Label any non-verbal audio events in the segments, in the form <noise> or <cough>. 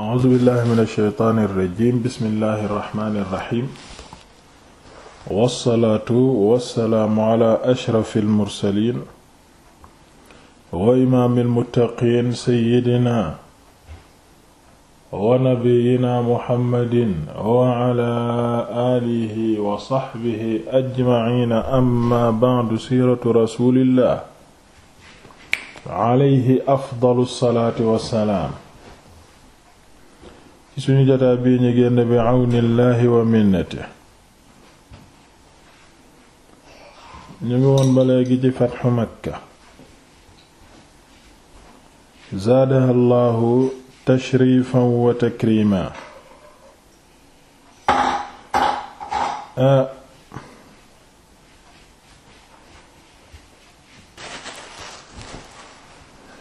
a'uuzu billahi min alsheytaani irrajim bismillahi irrahmani irrahim wassalaatu wassalaamu ala ashrafi almursalin wa imaami almuttaqiin seyidina wa nabiyina muhammadin wa ala aalihi wa saxbihi ajmaciina amma bacdu siiratu rasulillah alayhi afdalu salaati wassalaam ci suñu jotaa bii ñu génn bi àwnillaahi wa minnati ñu ngi woon ba léegi ci fatxu makka zaadaha llaahu tashrifan wa takrima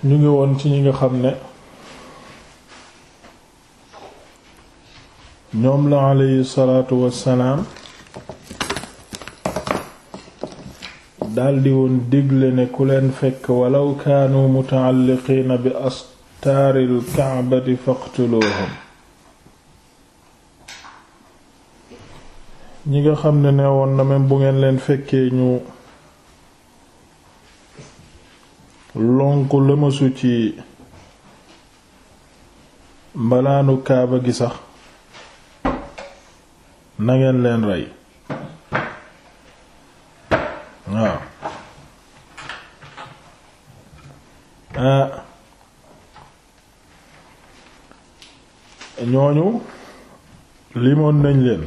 ñu ngi woon ci ñi nga xam ne ñoom la aleyhi salaatu wassalaam daldi woon digle ne ku leen fekk walaw kaanu mutaalliqiina bi astaaril kaabati faqtuluuhum ñi nga xam ne neewoon na bu ngeen leen fekkee ñu lonku lëmasu ci mbalaanu kaaba gi sax na leen rey waaw ah. ñooñu limoon nañ leen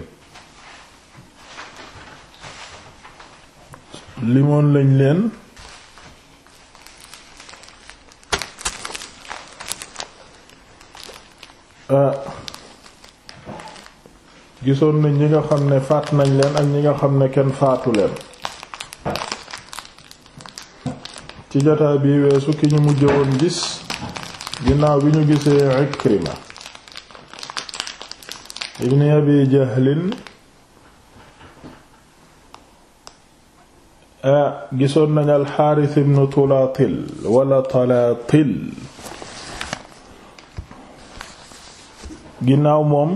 limon lañ leen ah. gisoon nañ ñi nga xam ne faat nañ leen ak ñi nga xam ne kenn faatu leen ci jotaay bi weesu ki ñu mujj woon gis ginnaaw bi ñu gisee Ikrima ibn Abi Jahlin gisoon nañ al-Harith ibn wala Talatil ginnaaw moom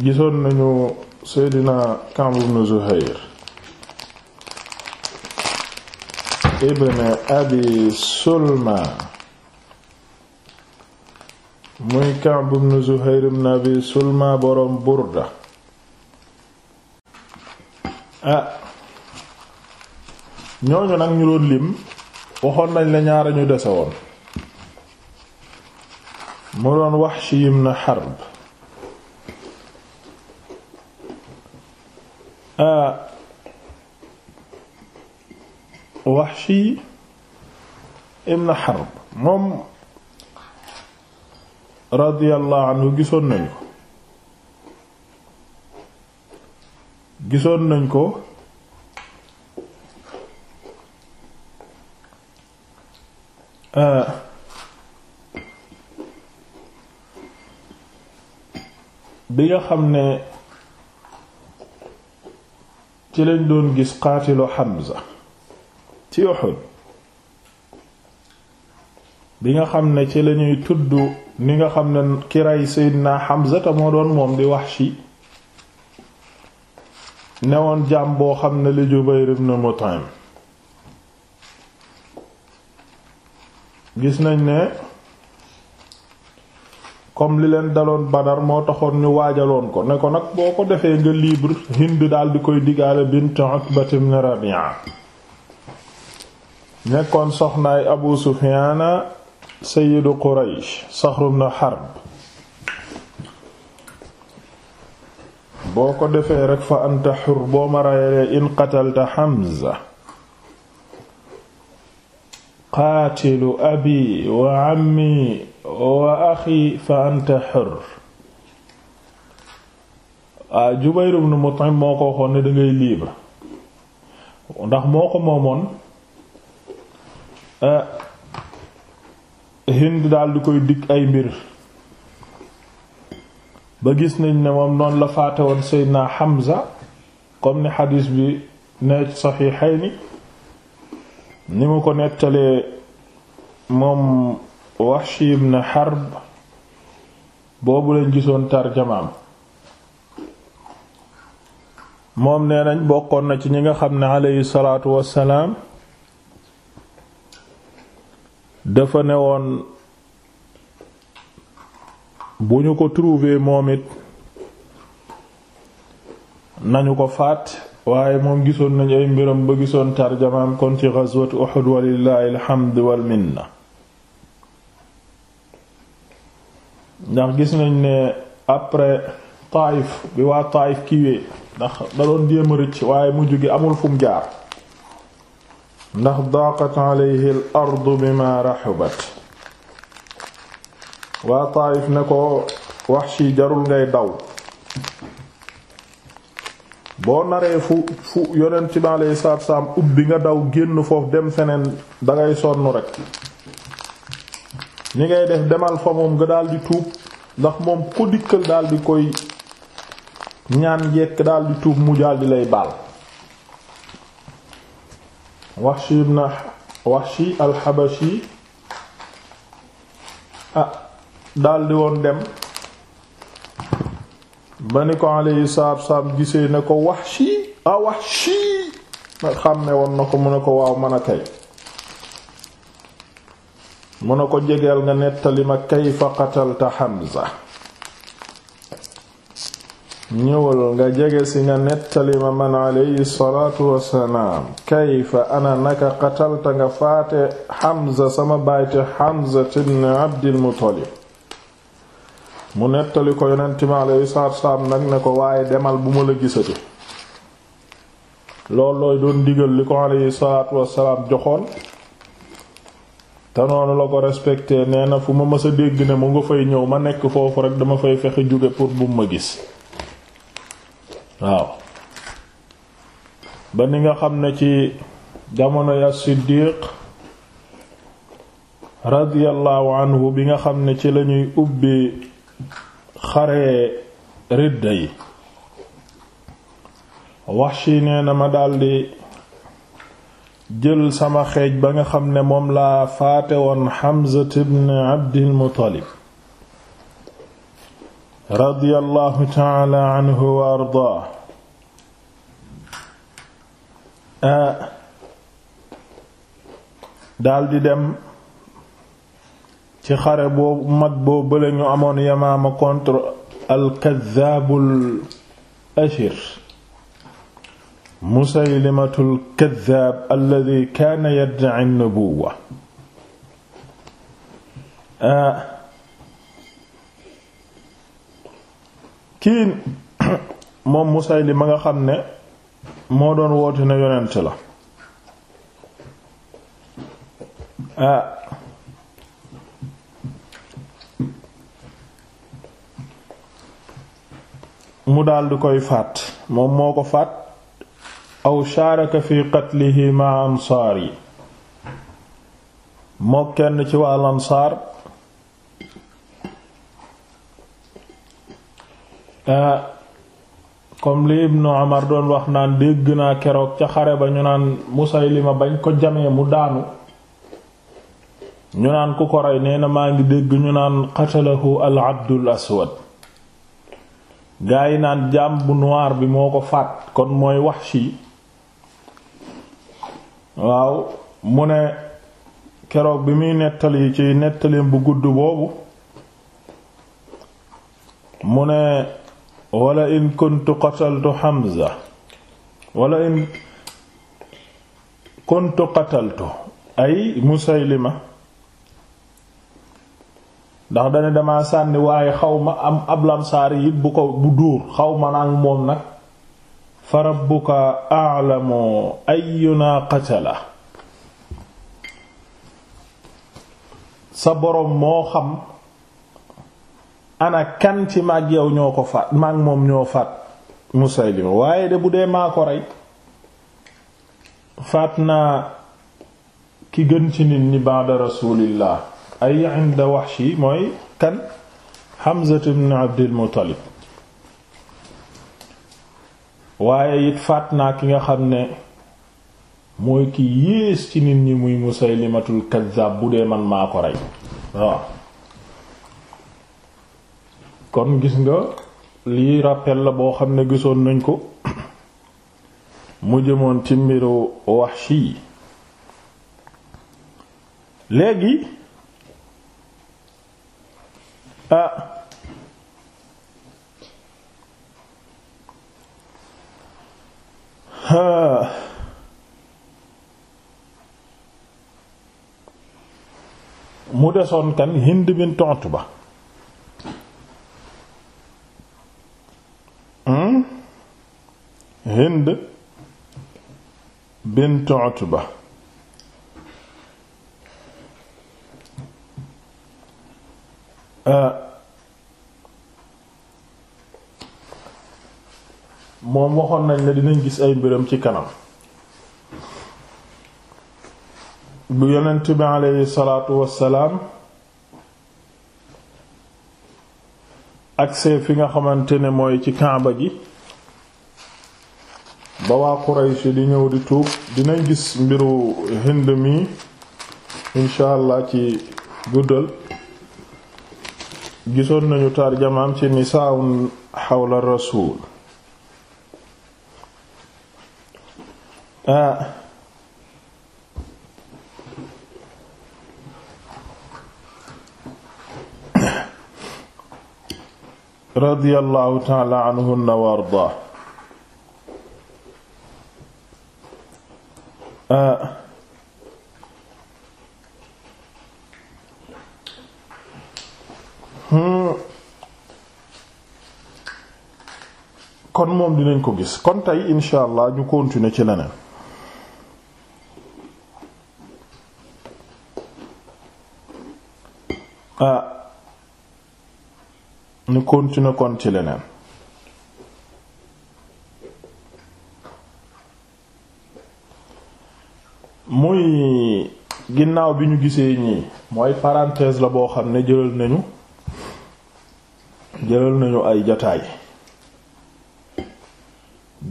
gisoon nañu seydina Ka'b ibn Zuhayr ibn abi Sulma muy Ka'b ibn Zuhayr ibn abi Sulma boroom Burda ah ñooñu nag ñu doon lim waxoon nañ la ñaara ñu dese woon mu doon Wahshi ibn Harb Euh, Wahshi ibn Harb moom radiyallahu anhu gisoon nañ gisoon nañ ko euh, bi nga xam ne ci lañ doon gis qaatilu Hamza ci Uhud bi nga xam ne ci lañuy tudd ni nga xam ne kiray Seydina Hamza te moo doon moom di wax Wahshi newoon jaam boo xam ne li Jubayr ibn Mut'im gis nañ ne comme li leen daloon Badar moo taxoon ñu waajaloon ko ne ko nag boo ko defee nga libre Hind daal di koy digaale bint Utba ibn Rabi'a nekkoon soxnaay Abu Sufyaan sayyidu Quraysh Saxr ibn Harb boo ko defee rek fa anta xur boo ma rayee in qatalta Hamza qaatilu abi wa ammi wa axi fa anta xër a ah, Jubayr ibn Mut'im moo ko waxoon dangay libre ndax moo ko moomoon ah, Hind daal di koy dikk ay mbir ba gis nañ ne moom noonu la faate woon Seydina Hamza comme ni xadiis bi ne ci Saxiixayni ni mu ko nettalee moom Wahshi ibn Harb boobu lañ gisoon tarjamaam moom nee nañ bokkoon na ci ñi nga xam ne aleyhi salaatu wassalaam dafa ne woon bu ñu ko trouver moom it nañu ko faat waaye moom gisoon nañ ay mbiram ba gisoon tarjamaam kon ci ghazwat Uhud walillahi alhamdu wal ndax gis nañ ne après Taïf bi waa Taïf kiiwee ndax da doon jéem rëcc waaye mujj gi amul fu mu jaar ndax daqat alayhi al ardu bima waa Taïf ne ko Wahshi jarul ngay daw boo naree fu fu yonent bi alayhi salaatu salaam ubbi nga daw génn foofu dem feneen dangay sonn rek ni ngay def demal fa moom nga daal di tuub ndax moom ko dikkal daal di koy ñaan jekk daal di tuub mu daal di lay baal Wahshi ibn Wahshi al-Habashi ah daal di woon dem ba ni ko alayhi salaatu salaam gisee ne ko Wahshi a ah, Wahshi xam ne woon na ko mu ne ko waaw mën a kay mu ne ko jegeel nga nettali ma kayfa qatalta Hamza ñëwal nga jege si nga nettali ma man alayhi salaatu wassalaam kayfa ana naka qatalta nga faate Hamza sama baayte Hamza ibn Abdil Muttalib mu nettali ko yonent mi alayhi salaatu wassalaam nag ne ko waaye demal bu ma la gisati lool looy doon digal li ko alayhi salaatu wassalaam joxoon te noonu la ko respecté nee na fu ma mës a dégg ne mu nga fay ñëw ma nekk foofu rek dama fay fexe jóge pour bu ma gis waaw ba ni nga xam ne ci jamono ya Siddiq radiyallahu anhu bi nga xam ne ci lañuy ubbi xare ridda yi Wahshi nee na ma daldi jël sama xeej ba nga xam ne moom laa faate woon Hamza ibn Abdil Muttalib radiyallahu anhu wa ardaa daldi dem ci xare boo mag boo bële ñu amoon Yamaama contre al-Kaddaabul musaylimatul kaddaab alladi kaana yaddaci nubuwa ah, kii <coughs> moom musaylima nga xam ne moo doon woote ne yonent la ah mu daldi koy faat moom moo ko faat aw shaaraka fi qatlihi ma ansaar yi moo kenn ci waa lansaar eh, comme li ibnu Umar doon wax naan dégg naa keroog ca xare ba ñu naan Musaylima bañ ko jamee mu daanu ñu naan ku ko rey nee maa ngi dégg ñu naan qatalahu al abdul aswad gaa yi naan jaam bu noir bi moo ko faat kon mooy wax Wahshi waaw mu ne keroog bi muy nettali ci nettalim bu gudd boobu mu ne wala in kuntu qataltu Hamza wala in kuntu qataltu ay Musaylima ndax dane dama sànni waaye xaw ma am ablamsaari it bu ko bu dóor xaw ma nag moom nag fa rabbuka a'lamu ayyuna qatala sa boroom moo xam ana kan ci maag yow ñoo ko faat maag moom ñoo faat Musaylima waaye de bu dee maa ko rey faat naa ki gën ci nit ñi ba'da rasulillah ay inda Wahshi mooy kan Hamza ibn Abdul Muttalib waaye it faat naa ki nga xam ne mooy kii yées ci nit ñi muy musaylimatul kazzab bu dee man maa ko rey waaw kon gis nga lii rappel la boo xam ne gisoon nañ ko <coughs> mu jëmoon ci mbiru Wahshi yi léegi ah mu desoon kan Hind bint Utba hmm? Hind bint Utba ah uh, moom waxoon nañ la dinañ gis ay mbiram ci kanam bu yonent bi aleyhi salaatu wassalaam agse fi nga xamante ne mooy ci kaaba gi ba waa Quraysh di ñëw di tuub dinañ gis mbiru Hind mi incha allah ci guddal gisoon nañu tarjamaam ci nisaa'un xawla rasul Ah. radiyallahu taala anhunna wa ardaa ah. hmm. kon moom dinañ ko gis kon tey incha allah ñu continuer ci leneen ah ñu continuer kon ci leneen muy ginnaaw bi ñu gisee ñii mooy parenthèse la boo xam ne jëlal nañu jëlal nañu ay jataay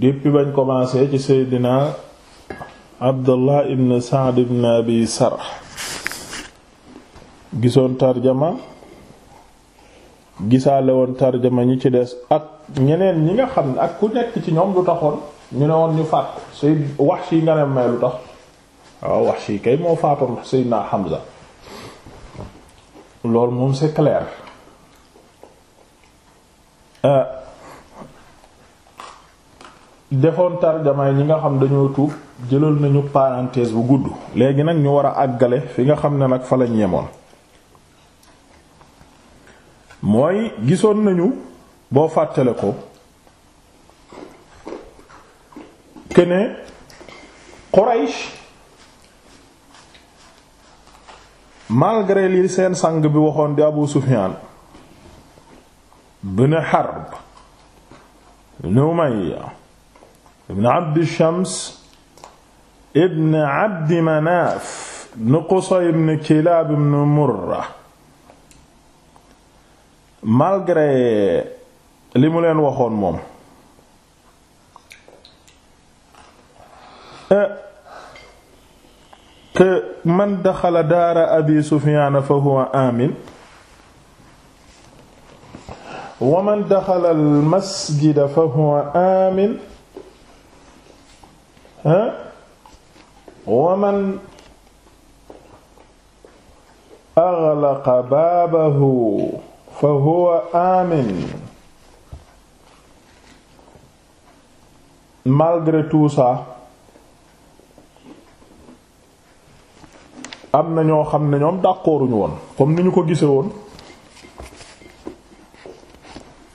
depuis bañ commencé ci seydina abdullah ibn sa'd ibn abi sarh gisoon tarjama gisaale woon tarjama ñi ci des ak ñeneen ñi nga xam ne ak ku nekk ci ñoom lu taxoon ñu ne woon ñu faat say wax sii nga ne may lu tax waaw wax si kay moo faatoon Seydina Hamza loolu moom c'est clair euh, defoon tarjamaay ñi nga xam dañoo tuub jëlal nañu parenthèse bu gudd léegi nag ñu war a àggale fi nga xam ne nag fa lañ yemoon mooy gisoon nañu boo fàttale ko kene Quraysh malgré seen sang bi waxoon di Abu Sufyan ibn Harb ibn Umayya ibn Abd Shams ibn Abd Manaf ibn Qusay ibn Kilab ibn Murrah malgré li mu leen waxoon moom euh, que man daxala daara abi sufiaana fa huwa amin wa man daxala almasjida fa huwa amin wa man aglaqa baabahu fa huwa amin malgré tout ça am na ñoo xam ne ñoom d'accorduñu woon comme ni ñu ko gise woon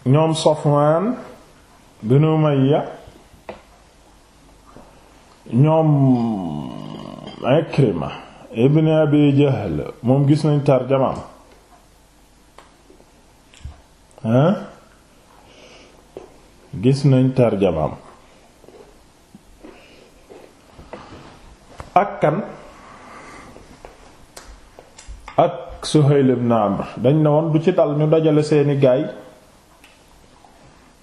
ñoom Safwan bin Umayya ñoom Ikrima ibn Abi Jahl moom gis nañ tarjamaam hein gis nañ tarjamaam ak kan ak Suhayl ibn Amr dañ ne woon du ci dal ñu dajale seeni gaay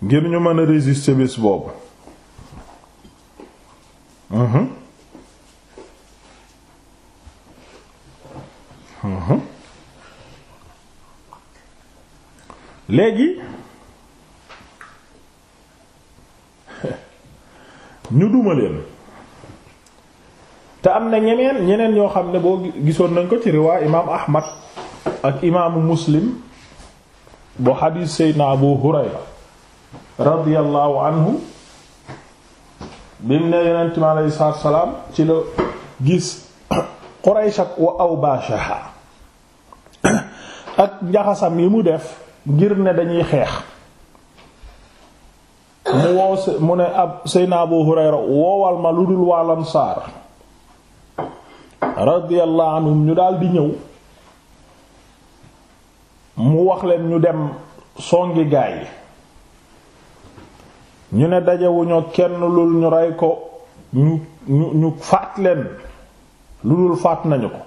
ngir ñu mën a résister bés boobu mhm mhm léegi ñu duma leen te am na ñeneen ñeneen ñoo xam ne boo gisoon nañ ko ci riwaa imaam ahmad ak imaamu muslim bu xadiis seydna abu hurayra radiyallahu anhu bi mu ne yonent mi aleyhi ci la gis quraysh ak wa awbaashaha ak njaxasam yi mu def ngir ne dañuy xeex mu woo mu ne ab seyna Abu woowal ma lu dul waa Ansaar radiyallahu anhum ñu daldi ñëw mu wax leen ñu dem songi gaay yi ñu ne dajewuñoo kenn lul ñu rey ko ñu ñu ñu faat leen lu dul faat nañu ko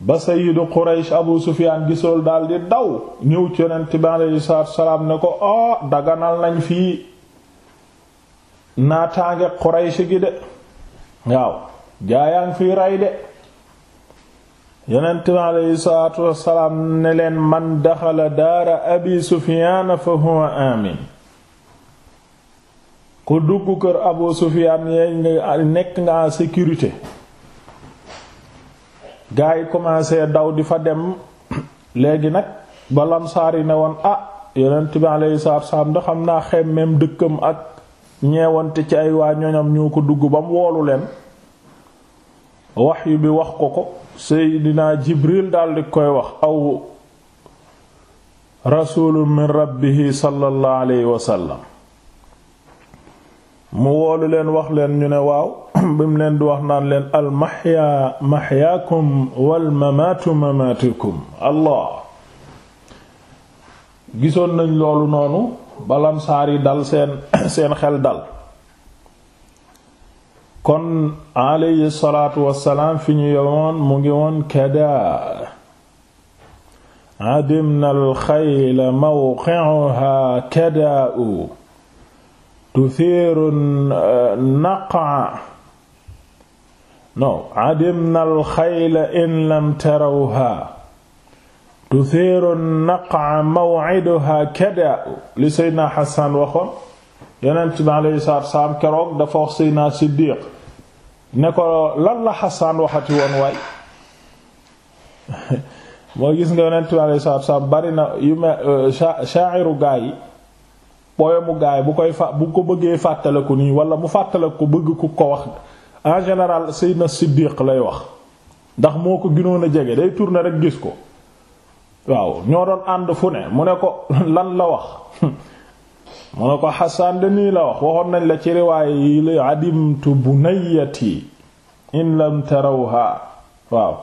ba sayidu Quraysh Abu Sufyaan gisool daal di daw ñëw ci yonent bi alayhi salaatu salaam ne ko o oh, daganal nañ fii naataange Quraysh gi de waaw jaayaan fii rey de yonent bi alayhi salaatu wassalaam ne leen man daxala daara Abi Sufyaan fa huwa aamin ku dugg kër Abu Sufyaan yee nga nekk nga en sécurité gaa yi commencé daw di fa dem léegi nag ba lamsaar yi ne woon ah yonent bi alayhi salaatu wassalaam da xam naa xemmeem dëkkam ak ñeewante ci ay waa ñoñam ñoo ko dugg ba mu woolu leen wahyu bi wax ko ko dinaa jibril daldi koy wax aw rasuulun min rabbihi sallallahu alayhi wasallam mu woolu leen wax leen ñu ne waaw <clears throat> bi mu leen di wax naan leen al mahya mahyaakum wal mamaatu allah gisoon nañ loolu noonu balam saar yi dal <clears throat> seen xel dal kon alayhi salaatu wassalaam fi ñu yowoon mu ngi woon kada adimna alxayla mawqi'uha kadaa'u tuthiiru uh, naqa non adimna alxayla in lam tarawha tuthiru naqa maw'iduha kada li seydna Hassan waxoon yonent bi alayhi salaatu wa salaam keroog dafa wax seydna Siddiq ne ko lan la Hassan waxati woon waay <laughs> moo gis nga yonent bi alayhi salaatu wa salaam bari na yu me euh, sha'iru gaa yi poème mu gaa yi bu koy fa bu ko bëggee fàttaliku nii wala mu fàttaliku bëgg ku ko wax en général Seydina Siddiq lay wax ndax moo ko ginoon a jege day tourner rek gis ko waaw ñoo doon ànd fu ne mu ne ko lan la wax <laughs> mu ne ko Hassan de nii la wax waxoon nañ la ci riwaay yi li adimtu bunayati in lam tarawha waaw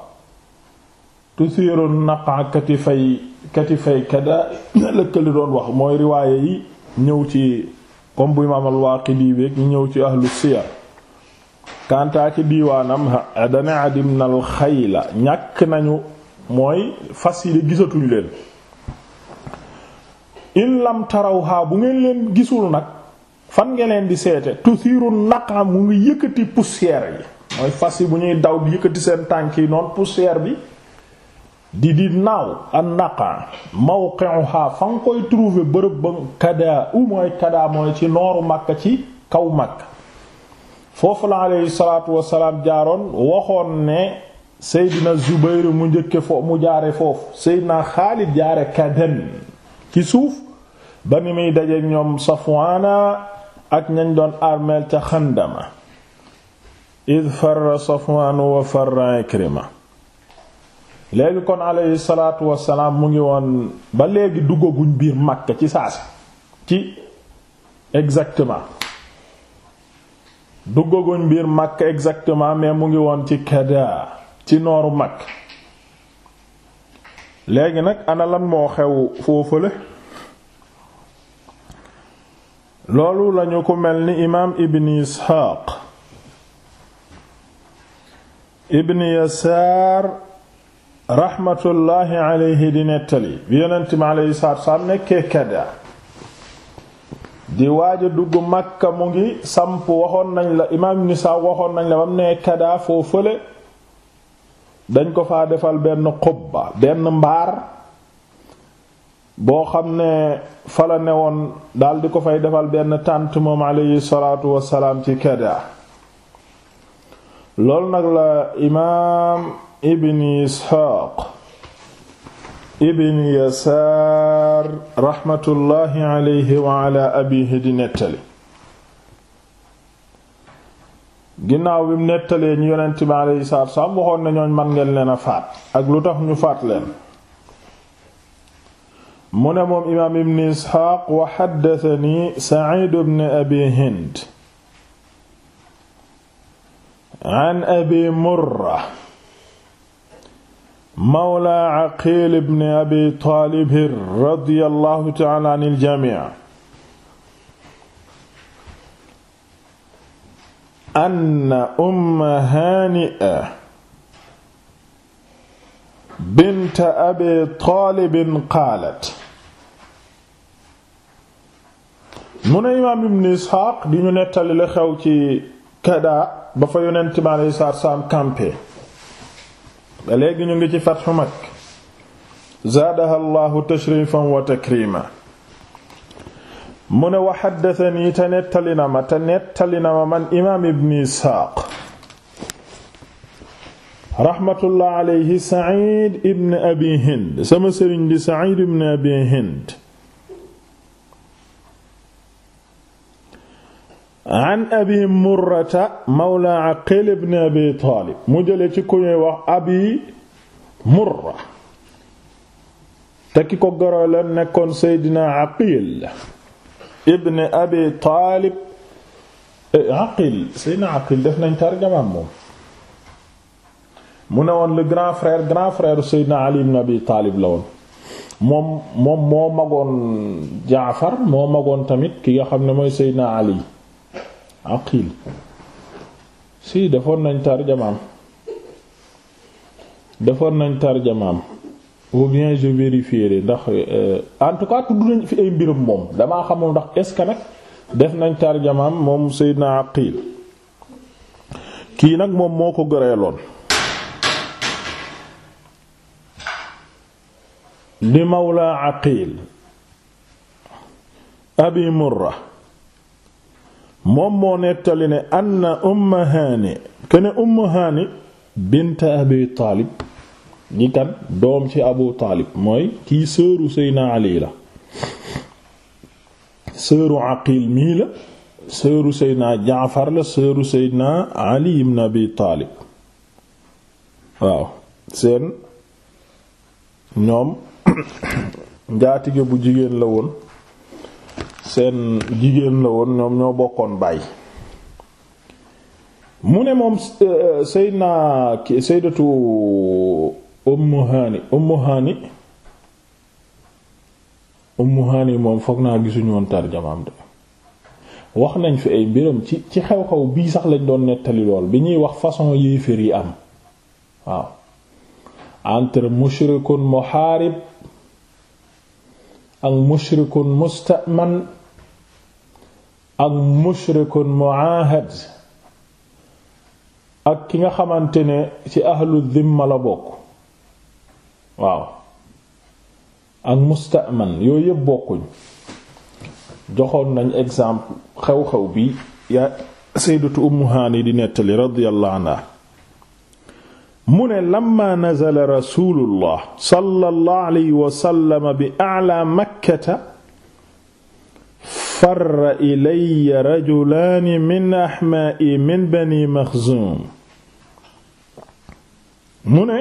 tusiru naqa katifay katifay kada lëkkali doon wax mooy riwaay yi ñëw ci comme bu imaam al-Waaqidi ñëw ci ahlu siyar kantaa ci diiwaanam dane adim nal xayla ñàkk nañu mooy fas yi de gisatuñu leen in lam tarawha bu ngeen leen gisul nag fan ngeen leen di seete tuthiru naqa mu ngi yëkkati poussière yi mooy fas yi bu ñuy daw di yëkkati seen tànk yi noonu poussière bi di di naaw an naqa mawqi'uha fa nga koy trouver bërëb ba kadaa u mooy kadaa mooy ci nooru Makka ci kaw Makka foofu la aleyhi salaatu wasalaam jaaroon waxoon ne Seydina Zubayr mu njëkke fo mu jaare foofu Seydina Xaalid jaare Kaden ci suuf ba ni muy dajeek ñoom Safwaana ak ñañ doon armeel ca Xandama id farra Safwaanu wa farra Ikrima léegi kon aleyhi salaatu wasalaam mu ngi woon ba léegi duggaguñ biir Makka ci saasi ci exactement duggaguñ mbir Makka exactement mais mu ngi woon ci Kada ci nooru Makka léegi nag ana lan moo xew foofale loolu lañu ko mel ni imaam Ibn Isxaaq Ibn Yasaar raxmatullaahi alayhi di nettali bi yonent mi nekkee Kada di waaja a dugg Makka mu ngi samp waxoon nañ la imaam Ibn Sa'd waxoon nañ la bam nee Kada foo fële dañ ko faa defal benn xubba benn mbaar boo xam ne fala la newoon daal di ko fay defal benn tànt moom alayhi salaatu wassalaam ci Kada loolu nag la imaam Ibn Isxaaq ibn yasaar raxmatullahi wa ala abihi di nettali ginnaaw bi mu nettalee ñu yonent bi alayhi salaatu salaam waxoon man ngeen leen a faat ak lu tax ñu faat leen mu ne moom imaam ibn isxaaq wa xaddatani saciid ibn abi hind an abi murra mawla Aqiil ibn Abi Taalib radiyallahu ta'ala anil jamii' anna Umma Haani'a bint Abi Taalib qaalat mu ne imaam Ibn Isxaaq di ñu nettali la xew ci Kadaa ba fa Yonent bi alayhi salaam campé ba léegi ñu ngi ci fatxu Makka zaadaha llahu tashrifan wa takrima mu ne wa xaddatanii te nettali na ma te nettali na ma man imaam ibni isxaaq raxmatullah alayhi said ibn abi hind sama sëriñ di said ibn abi hind an abi murrata mawla aqil ibn abi taalib mu jële ci ku ñuy wax abi murra te ki ko goro la nekkoon seydina aqil ibn abi taalib eh, aqil seydina aqil def nañ tarjamaam moom mu ne woon le grand frère grand frère seydina ali ibn abi taalib la woon moom moom moo magoon jaafar moo magoon tamit ki nga xam ne mooy seydina ali aqil si defoon nañ tarjamaam defoon nañ tarjamaam ou bien je vérifierai ndax euh, en tout cas tudd nañ fi ay mbirum moom damaa xamul ndax est nag def nañ tarjamaam moom Seydina Aqil kii nag moom moo ko gëreeloon di Mawla Aqil Abi Murra moom moo nettali ne anna umma haani kene umma haani bint abi taalib di kan doom ci abu taalib mooy kii sëru seyna ali la sëru aqil mii la sëru seyna jaafar la sëru seyna ali ibn abi taalib waaw seen ñoom <coughs> njaatige bu jigéen la woon seen jigéen la woon ñoom ñoo bokkoon baay mu ne moom euh, Seydina Sayyidatu Ummu Hani Ummu Hani Ummu Hani moom foog naa gisuñu woon tarjamaam de wax nañ fi ay mbiram ci ci xew-xew bii sax lañ doon nettali lool bi ñuy wax façon yéeféer yi am waaw entre mushrikun muharib ak mushrikun mustaman ak mushrikun muahad ak ki nga xamante ne ci ahlu dhimma la bokk waaw ak musta'man yooyu yëpp bokkuñ joxoon nañ exemple xew-xew bi yaa sayyidatu ummu haani di nettali radiyallahu anha mu ne lamma nazala rasulullah sallallahu alayhi wa sallam bi a'la makkata farra ilayya rajulaani min ahmaa'i min bani maxzuum mu ne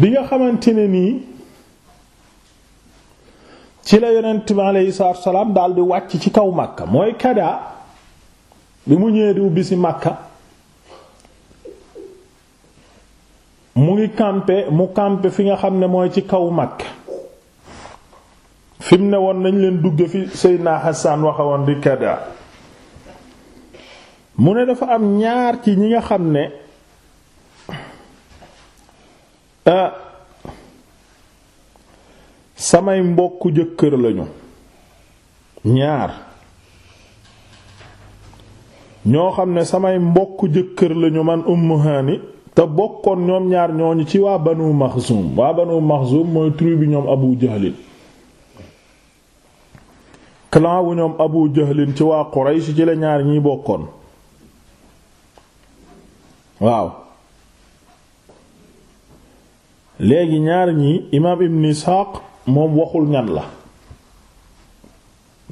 bi nga xamante ne nii ci la yonent bi aleyhi salaatu wa salaam daldi wàcc ci kaw Makka mooy kadaa bi mu ñëwee di ubbi Makka mu ngi campé mu campé fi nga xam ne mooy ci kaw Makka fi mu ne woon nañ leen dugge fi Seydina Hassan waxawoon di kada mu ne dafa am ñaar ci ñi nga xam ne ah, samay mbokk jëkkër lañu ñaar ñoo xam ne samay mbokk jëkkër lañu man Ummu Hani te bokkoon ñoom ñaar ñooñu ci waa Banu Maxsum waa Banu Maxsum mooy tribu bi ñoom Abu Jahlin clan wu ñoom abu jahlin ci waa quraysh ci la ñaar ñiy bokkoon waaw léegi ñaar ñi imaam ibn isxaaq moom waxul ñan la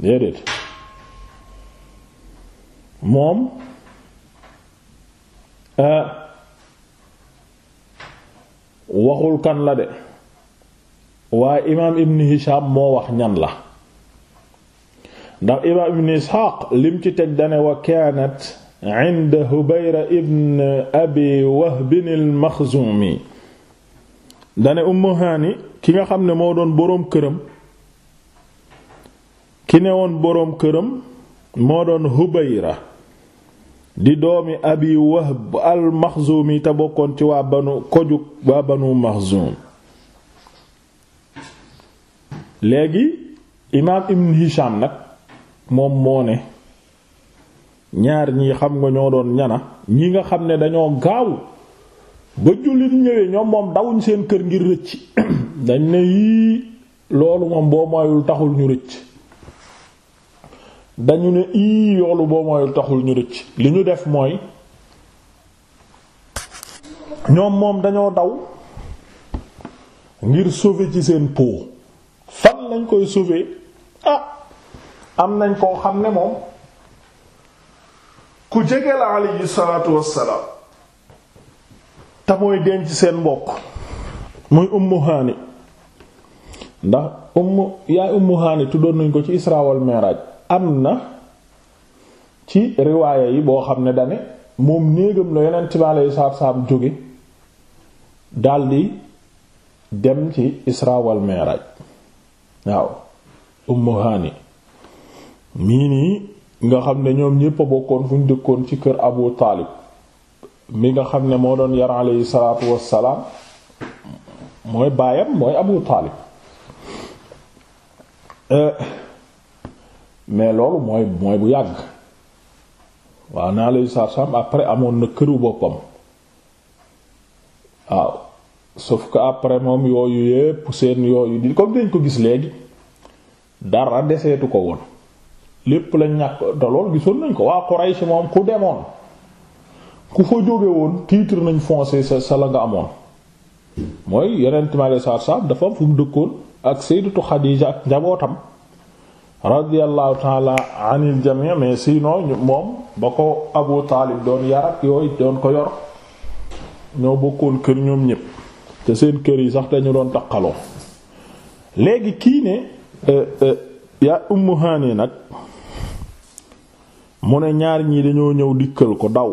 déedéet moom euh, waxul kan la de waaye imaam ibn hisham moo wax ñan la ndax imaam ibn isxaaq lim ci teg dane wa kaanat inda hubayra ibn abi wahbin al dane ummu haani ki nga xam ne moo doon boroom këram ki ne woon boroom këram moo doon hubayra di doomi abi wahb al te bokkoon ci waa banu kojug waa banu maxzum léegi imaam ibn hisham nag moom moo ne ñaar ñii xam nga ñoo doon ñana ñi nga xam ne dañoo gaaw ba jullit ñëwee ñoom moom dawuñ seen kër ngir rëcc <coughs> dañ ne yii loolu moom boo moyul taxul ñu rëcc dañu ne ii yoolu boo moyul taxul ñu rëcc li ñu def mooy ñoom moom dañoo daw ngir sauver ci seen peau fan lañ koy sauver ah am nañ koo xam ne moom ku jege la alayhi salaatu wassalaam te mooy denc seen mbokk muy ummu haani ndax ummu yaay ummu haani tuddoon nañ ko ci isra wal mi'raj am na ci riwaaya yi boo xam ne dane moom néegam la yonent bi alayhi salaatu wassalaam jóge daldi dem ci isra wal waaw ummu haani mi ngi nii nga xam ne ñoom ñépp a bokkoon fu ñu dëkkoon ci kër Abu Taalib mi nga xam ne moo doon yar aleyhi salaatu wassalaam mooy baayam mooy Abu Taalib euh, mais loolu mooy mooy bu yàgg waaw naa lay saar sam après amoon na këru boppam waaw sauf que après moom yooyu yépp seen yooyu di comme dañ ko gis léegi dara deseetu ko woon lépp lañ ñàkk te lool gisoon nañ ko waa Quraysh moom ku demoon ku fa jóge woon titre nañ foncé sa sa la nga amoon mooy yeneen timale saar saar dafa am fu mu dëkkoon ak sayyidatu Xadiija ak njabootam radiyallahu taala anil jami' mais sinon moom ba ko Abu Taalib doon yar ak yooyu doon ko yor ñoo bokkoon kër ñoom ñépp te seen kër yi sax dañu doon takkaloo léegi kii ne euh, euh, ya Ummu Haani nag mu ne ñaar ñii dañoo ñëw dikkal ko daw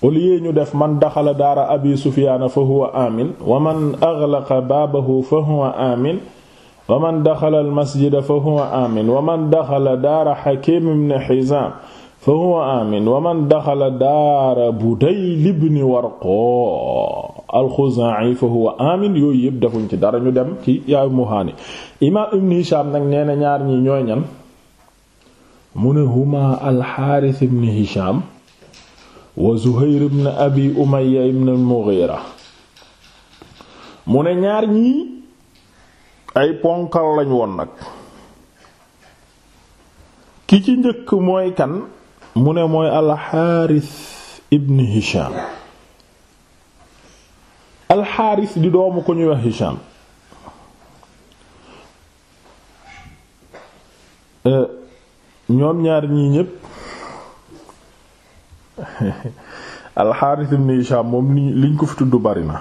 au ñu def man daxala daara abi sufiaana fa huwa amin wa man aghlaqa baabahu fa huwa amin wa man daxala almasjida fa wa man daxala daara xakim ibn xizaam fa huwa amin wa man daxala daara budayl ibn warqa alxuzaa'i fa huwa amin yooyu yëpp defuñ ci dara ñu dem ci yaayu muhaani imaam ibn hisham nag nee ñaar ñi ñooy ñan mu ne huma alxaaris ibn hisham wa zuhayr ibn abi umayya ibn mughira mu ne ñaar ñii ay ponkal lañ woon nag ki ci njëkk mooy kan mu ne mooy alxaaris ibn hisham alxaaris di doomu ko ñuy wax hisham eh, ñoom ñaar ñii ñépp <laughs> alxaaris ibn Hisham moom liñ ko fi tudd bari na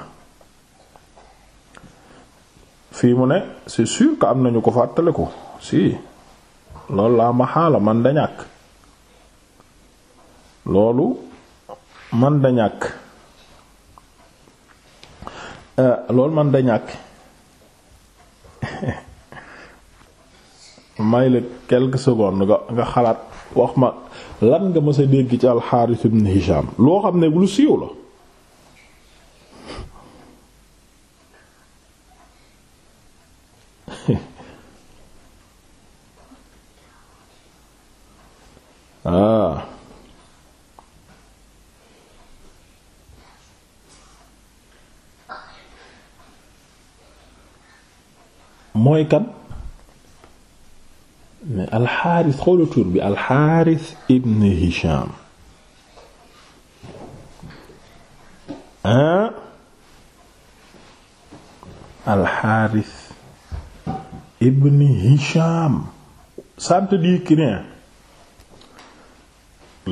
fii mu ne c'est sûr que am nañu ko fàttale ko si loolu laa ma xaala man de ñàkk loolu man da ñàkk loolu man da ñàkk euh, <laughs> may la quelques secondes nga nga xalaat wax ma lan nga mës a dégg ci alxaaris ibn hisham loo xam ne lu siiw la <laughs> ah mooy kan mais alxaaris xoola tur bi alxaaris ibn hisham ah alxaaris ibn hisham sant di kirien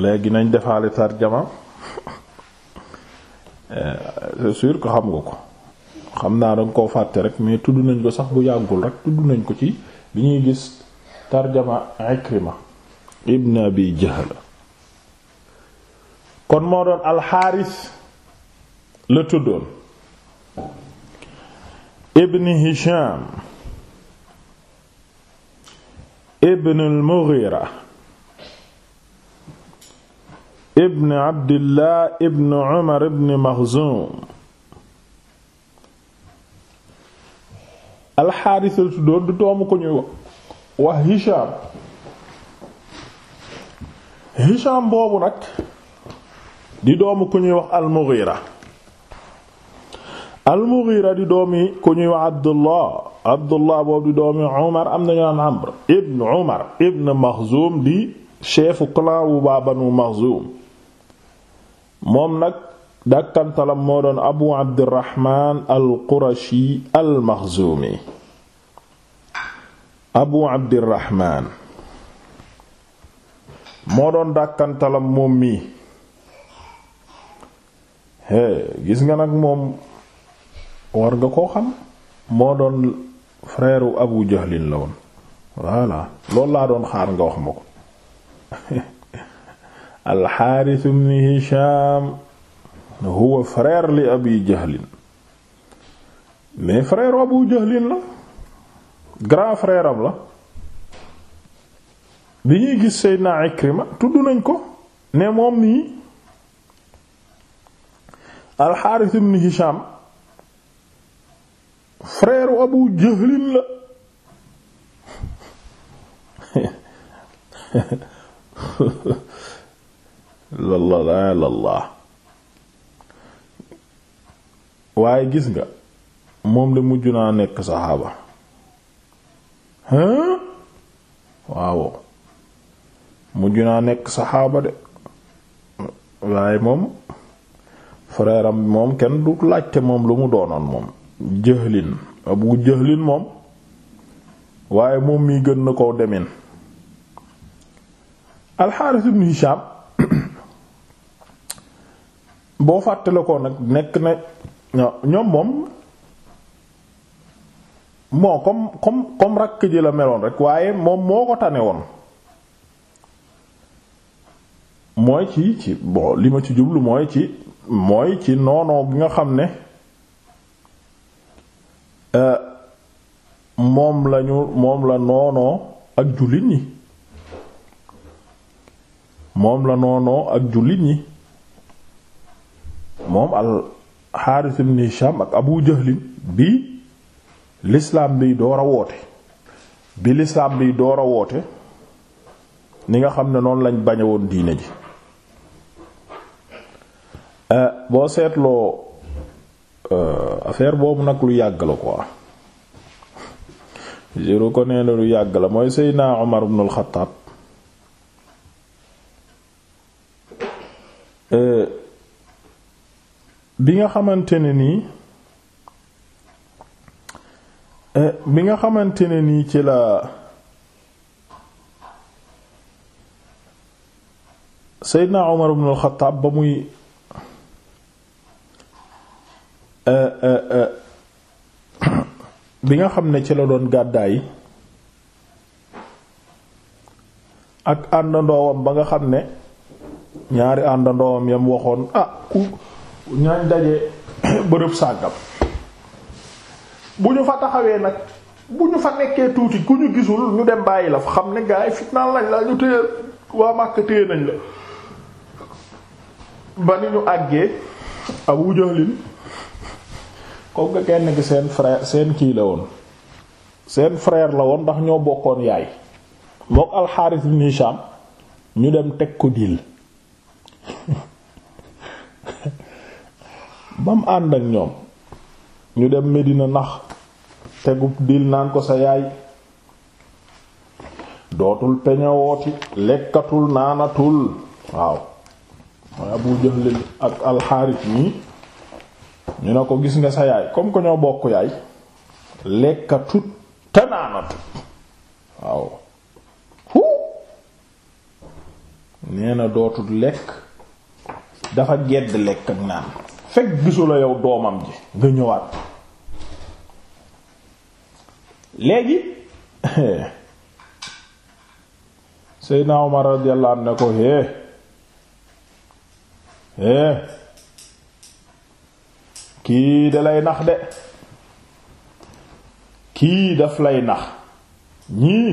léegi nañ defaale tarjama euh, c'est sur ko xam nga ko xam naa danga koo fàtte rek mais tudd nañ ko sax bu yàggul rek tudd nañ ko ci bi ñuy gis tarjama Ikrima ibn Abi Jahl kon moo doon alxaaris la tuddoon ibn Hisham ibn al ibn Abdillah ibn Umar ibn Makhzum alxaaris la tuddoon du doomu ko ñuy wax wa Hisham Hisham boobu nag di doomu ku ñuy wax al-Mughira al-Mughira di doomi ku ñuy wax Abdullah boobu di doomi Umar am nañu naan Amr ibn Umar ibn Maxzum di chefu clan wu baa Banu Maxzum moom nag dàkkantalam moo doon Abu Abdirahman al-Qurashi abu abdirahmaan moo doon dàkkantalam moom mii gis nga nag moom war nga koo xam moo doon frère u abu jahlin la woon voilà loolu laa doon xaar nga wax ma ko <laughs> alxaaris ibn hisham huwa frère li abi jahlin mais frère abu jahlin la grand frère am la bi ñuy gis Seydina Ikrima tudd nañ ko ne moom nii Al-Harith ibn Hisham frère Abu Jahlin la lalla <laughs> laa lalla waaye gis nga moom de mujj naa nekk saxaaba waaw mujj naa nekk saxaaba de waaye moom frère am moom kenn du laajte moom lu mu doonoon moom jëhlin abu jëhlin moom waaye moom mii gën na koo demin alxaaris ibn Hisham <coughs> boo fàtte la ko nag nekk na ñoom moom moo comme comme comme rakk ji la meloon rekk waaye moom moo ko tane woon mooy ci ci bon li ma ci jublu mooy ci mooy ci noonoo bi nga xam ne euh, moom la noonoo ak jullit ñi moom la noonoo ak jullit ñi moom al Haaris ibn ak Abu Jahlin bi l'islam bi door a woote bi l'islam bi door a woote ni nga xam ne noonu lañ bañe woon diine ji euh, boo seetloo euh, affaire boobu nag lu yàgg la quoi je reconnais ne lu yàgg la mooy Seydina Omar euh, bi nga xamante ne nii Eh, bi nga xamante ne nii ci la Seydina Umar ibn al-Khattab ba muy eh, eh, bi nga xam ne ci la doon gàddaay ak àndandoowam ba nga xam ne ñaari àndandoowam yam waxoon a ah, ku ñaañ daje <coughs> bërëb sàggam bu ñu fa taxawee nag bu ñu fa nekkee tuuti ku ñu gisul ñu dem bàyyi la xam ne gaa yi fitnaan lañ la ñu téye waa màkk téye nañ la ba ni ñu àggee Abu Jahlin comme que kenn ki seen frère seen kii la woon seen frère la woon ndax ñoo bokkoon yaay mook Al-Harith ñu dem teg ko diil <laughs> ba mu ànd ak ñoom ñu dem Medina nax tegub dil naan ko sa yaay dootul peñawooti lekkatul naanatul waaw mooy Abu Jahl ak alxaaris nii ñu ne ko gis nga sa yaay comme ko ñoo bokk yaay lekkatut te naanatut waaw fu nee na dootul lekk dafa gedd lekk ak naan fekk gisu yow doomam ji nga ñëwaat léegi <laughs> Seydina Omar radiyallahu anhu ne ko hee eh, eh, hee kii da nax de kii daf lay nax ñii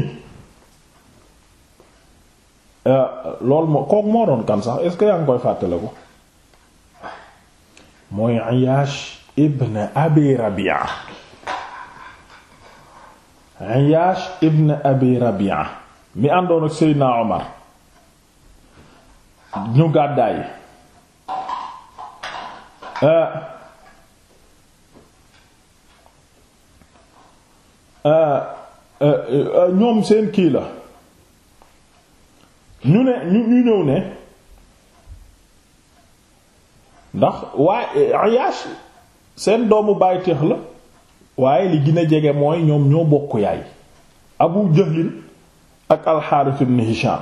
eh, loolu moo kooku moo doon kan sax est yaa ngi koy fàttale ko mooy ibn Abi Rabia Ayyash ibn Abi Rabi'a mi àndoon ak Seydina Omar ñu gàddaay euh, euh, euh, ñoom seen kii la ñu ne ñu ñu ñëw ne ndax waaye Ayyash seen doomu baay téex la waaye li gën jege mooy ñoom ñoo bokk yaay abu jahlin ak alxaaris ibn hisham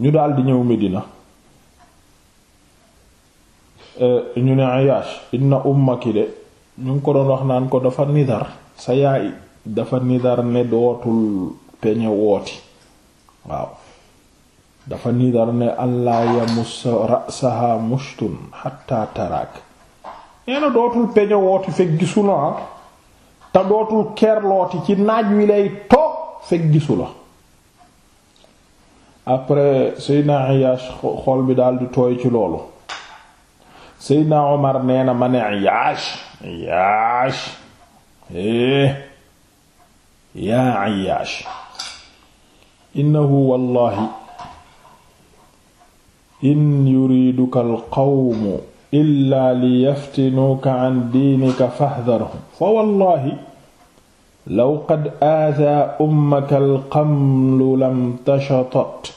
ñu daldi ñëw medina eh, ñu ne na inna ummaki de ñu ngi ko doon wax naan ko dafa nidar sa yaay dafa nidar ne dootul peñe wooti waaw dafa nidar ne allah yamus ra'saha mushtun hatta tarak nee na dootul peñowooti fekk gisu la te dootul kerlooti ci naaj wi lay toog fekk gisu la après Seydina Iyaash xol bi daal di tooy ci loolu Seydina Omar nee na ma ne Iyaash Iyaash eh yaa Iyaash innahu wallahi in yuriduka al illaa li yaftinuuka an diinika faxdarhum fa wallaahi law qad aadaa ummaka alqamlu lam tashatat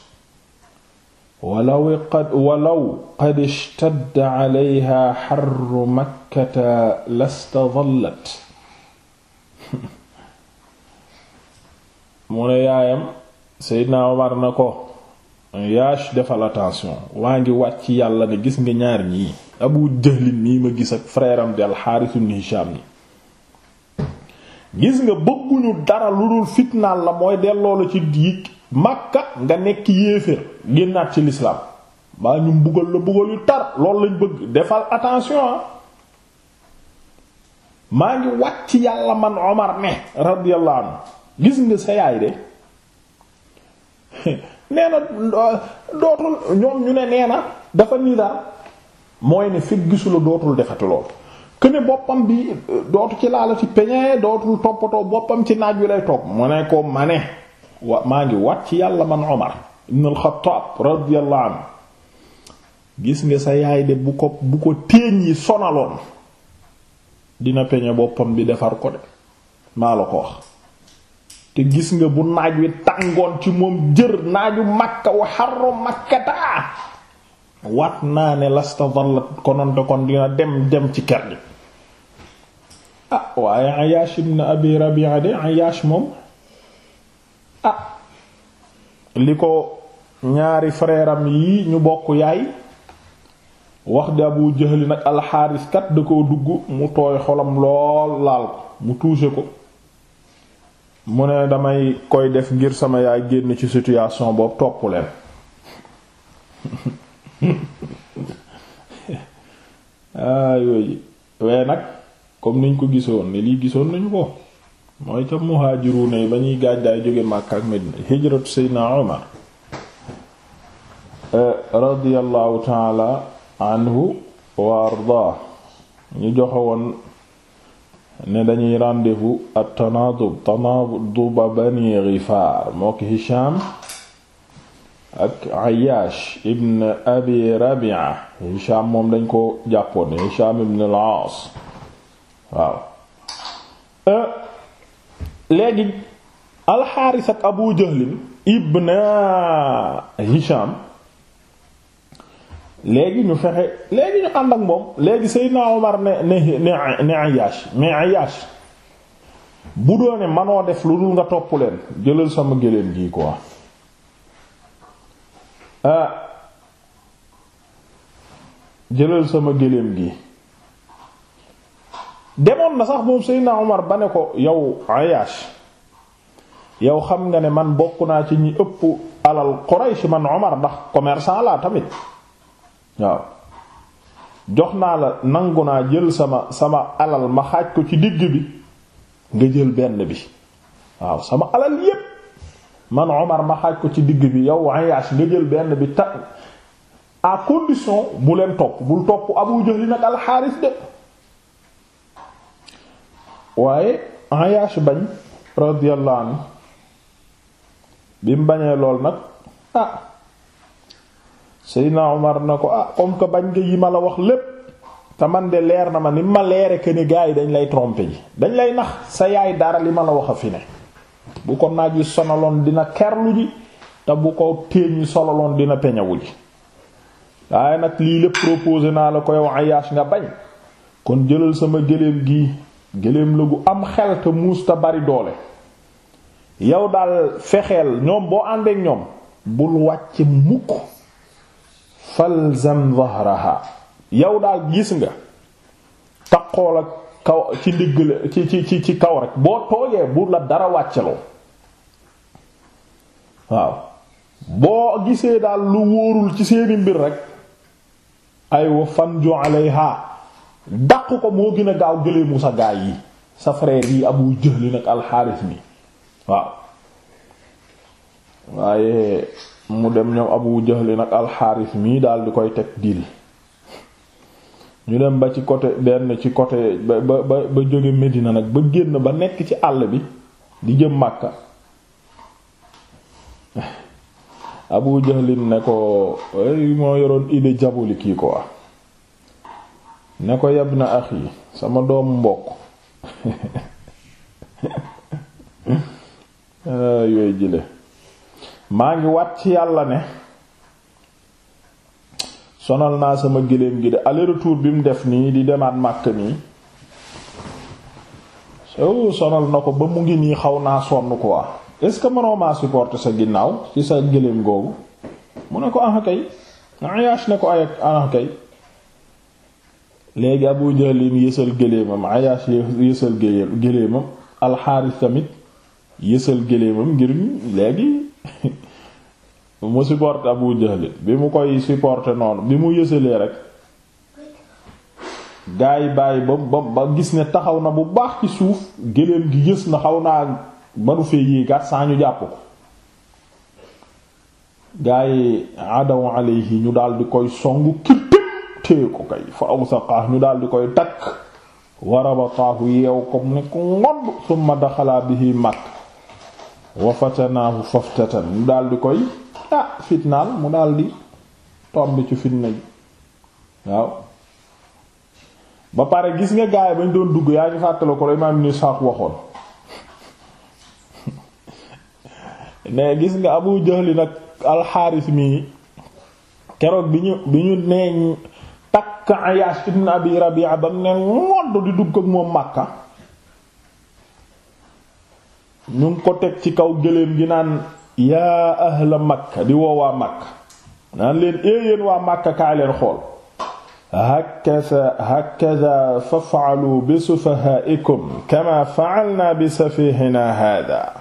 walaw qad ishtadda calayha xarru makkata lastadallat <laughs> mu ne yaayam Seydina Omar na ko yaash defal attention waa ngi wàcc yàlla ne gis nga ñaar ñii abu jahlin mii ma gis ak frère am di alxaaris yi gis nga bëgguñu dara lu dul fitnaal la mooy delloo la ci diig makka nga nekk yéeféer génnaat ci lislaam baa ñu mbugal la mbugal yu tar loolu lañ bëgg defal attention ah maa ngi wàcc yàlla man omar ne radiyallahu gis nga sa de <laughs> nee na dootul ñoom ñu ne nee na dafa nii daal mooy ne fekk gisula dootul defati lool boppam bi euh, dootu ci laala ci peñe dootul toppatoo boppam ci naaj wi lay toog mu ne ko ma ne wa maa ngi wat ci yàlla man Omar ibn al-Khattab radiyallahu anhu gis nga sa yaay de bu ko bu ko téeñ yi sonaloon dina peñe boppam bi defar ko de maa la ko wax te gis nga bu naaj wi tàngoon ci moom jër naaju Makka wa harru Makkata waat naa ne lasta dallat kononte kon dina dem dem ci ker gi ah waaye Ayyash ibn Abi Rabi'a de Ayyash moom ah li ko ñaari frère yi ñu bokk yaay wax di Abu Jahl nag alxaaris kat da koo dugg mu tooy xolam lool laal ko mu touché ko mu ne damay koy def ngir sama yaay génn ci situation boobu topp leen <laughs> <laughs> ah yooyu waaye nag comme niñ ko gisoon ni lii gisoon nañu ko mooy ca muhaajiruuna yi ba ñuy gàddaay jóge Makka ak Medina hijratu Seydina Omar eh, radiyallahu taala anhu wa ardaa ñu joxe woon ne dañuy rendez-vous at-tanaadub tanaadub bani Gifaar moo ki Hisham ak Ayyash ibn Abi Rabi'a Hisham moom dañ ko jàppoon Hisham ibn al-Aas waaw euh, léegi alxaaris ak Abu Jahl ibn Hisham léegi ñu fexe léegi ñu ànd ak moom léegi Seydina Omar ne ne ne mais Ayyash bu doone manoo def lu dul nga topp leen jëlal sama géléem gi quoi ah jëlal sama géléem gi demoon na sax moom Seydina Omar ba ne ko yow Ayash yow xam nga ne man bokk naa ci ñi ëpp alal Quraysh man Omar ndax commerçant laa tamit waaw jox naa la nangu naa jël sama sama alal ma xaaj ko ci digg bi nga jël benn bi waaw sama alal yépp man Omar ma xaaj ko ci digg bi yow Ayaas nga jël benn bi ta à condition bu leen topp bul topp Abu Jahl nag alxaaris de waaye Ayaas bañ radiyallahu anhu bi mu bañee lool nag ah Seydina Omar na ko ah comme que bañ nga yi ma la wax lépp te man de leer na ma ni ma leere que ni yi dañ lay tromper ji dañ lay nax sa yaay dara li ma la wax a fi bu ko naaj wi sonaloon dina kerlu ji te bu ko téeñ wi solaloon dina peñawu ji waaye nag lii lépp proposé naa la ko yow Ayyash nga bañ kon jëlal sama géléem gi géléem la gu am xel te muus te bari doole yow daal fexeel ñoom boo àndeek ñoom bul wàcc mukk falzam zahraha yow daal gis nga taqool ak kaw ci ndigg ci ci ci kaw rek boo toogee bu la dara wàcceloo waaw boo gisee daal lu wóorul ci seeni mbir rek ay wa fanju alayha daq ko moo gën a gaaw gëleemu sa gaay yi sa frère yi abu jëli nag alxaaris mi waaw waaye mu dem ñoom abu jëli nag alxaaris mii daal di koy teg diil ñu dem ba ci côté benn ci côté ba ba ba jóge Medina nag ba génn ba nekk ci àll bi di jëm màkka <laughs> Abu Jahlin ne ko moo yoroon idée diabolique yi quoi ne ko yab na axi sama doom mbokk <laughs> yooyu jile maa ngi wat ci yàlla ne sonal naa sama géléem gi de aller retour bi mu def nii di demaat màkk nii so sonal na ko ba mu ngi nii xaw naa sonn quoi est-ce que mënoo maa sa ginnaaw si sa gëléem googu mu ne ko ah kay ne ko ay ah kay léegi Abu Jahlin yësal gëléemam Ayash yësal gëléemam Alxaaris tamit yësal gëléemam ngir léegi <laughs> mu supporter Abu Jahlin bi mu koy supporter noonu bi mu yësalee rek gaa yi bàyyi ba ba ba gis ne taxaw na bu baax ci suuf gëléem gi yës na xaw naa manu fee yéegaat saa ñu jàpp ko gaa yi adaw alayhi ñu daal di koy songu kirtëb téye ko kay fa awsaqaa ñu daal di koy takk warabataahu yeew ko ne ko ngond summa daxalaa bihi makk wa fatanaahu faftatan ñu daal di koy ah fitnaal mu daal di tomb ci fitna ji waaw ba pare gis nga gaay bañ doon dugg yaa ngi fàttale ko la imaam ibn Isaaq waxoon mais gis nga Abu Jahl nag alxaaris mii keroog bi ñu bi ñu nee takk Ayaash ibn Abi Rabi'a ba mu ne wodd di dugg ak moom Makka ñu ngi ko teg ci kaw gëléem gi naan yaa ahla Makka di woo waa Makka naan leen éeyéen waa Makka kaay leen xool hakaza hakaza faf'alu bi sufahaa'ikum kama fa'alna bi safihinaa haadaa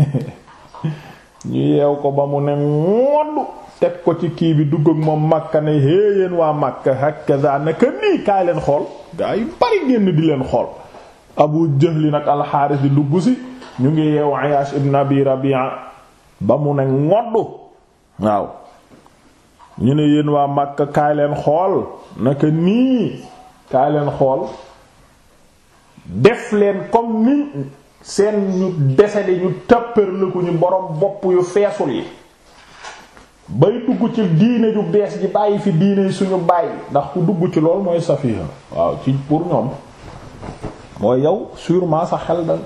<laughs> ñu yeew ko ba mu ne ngoddu teg ko ci kii bi dugg ak moom Makka ne héeyéen waa Makka hakaza naka nii kaay leen xool gaa bari génn di leen xool Abu Jahli nag alxaaris di dugg si ñu ngi yeew Ayaash ibn Abi Rabi'a ba mu ne ngoddu waaw ñu ne yéen waa makk kaay leen xool naka nii kaay leen xool def leen comme ni seen ñu décédé ñu tëppërliku ñu borom bopp yu feesul yi bay dugg ci diine yu bees ji bàyyi fi diine suñu bàyyi ndax ku dugg ci lool mooy safiha waaw ci pour ñoom mooy yow sûrement sa xel da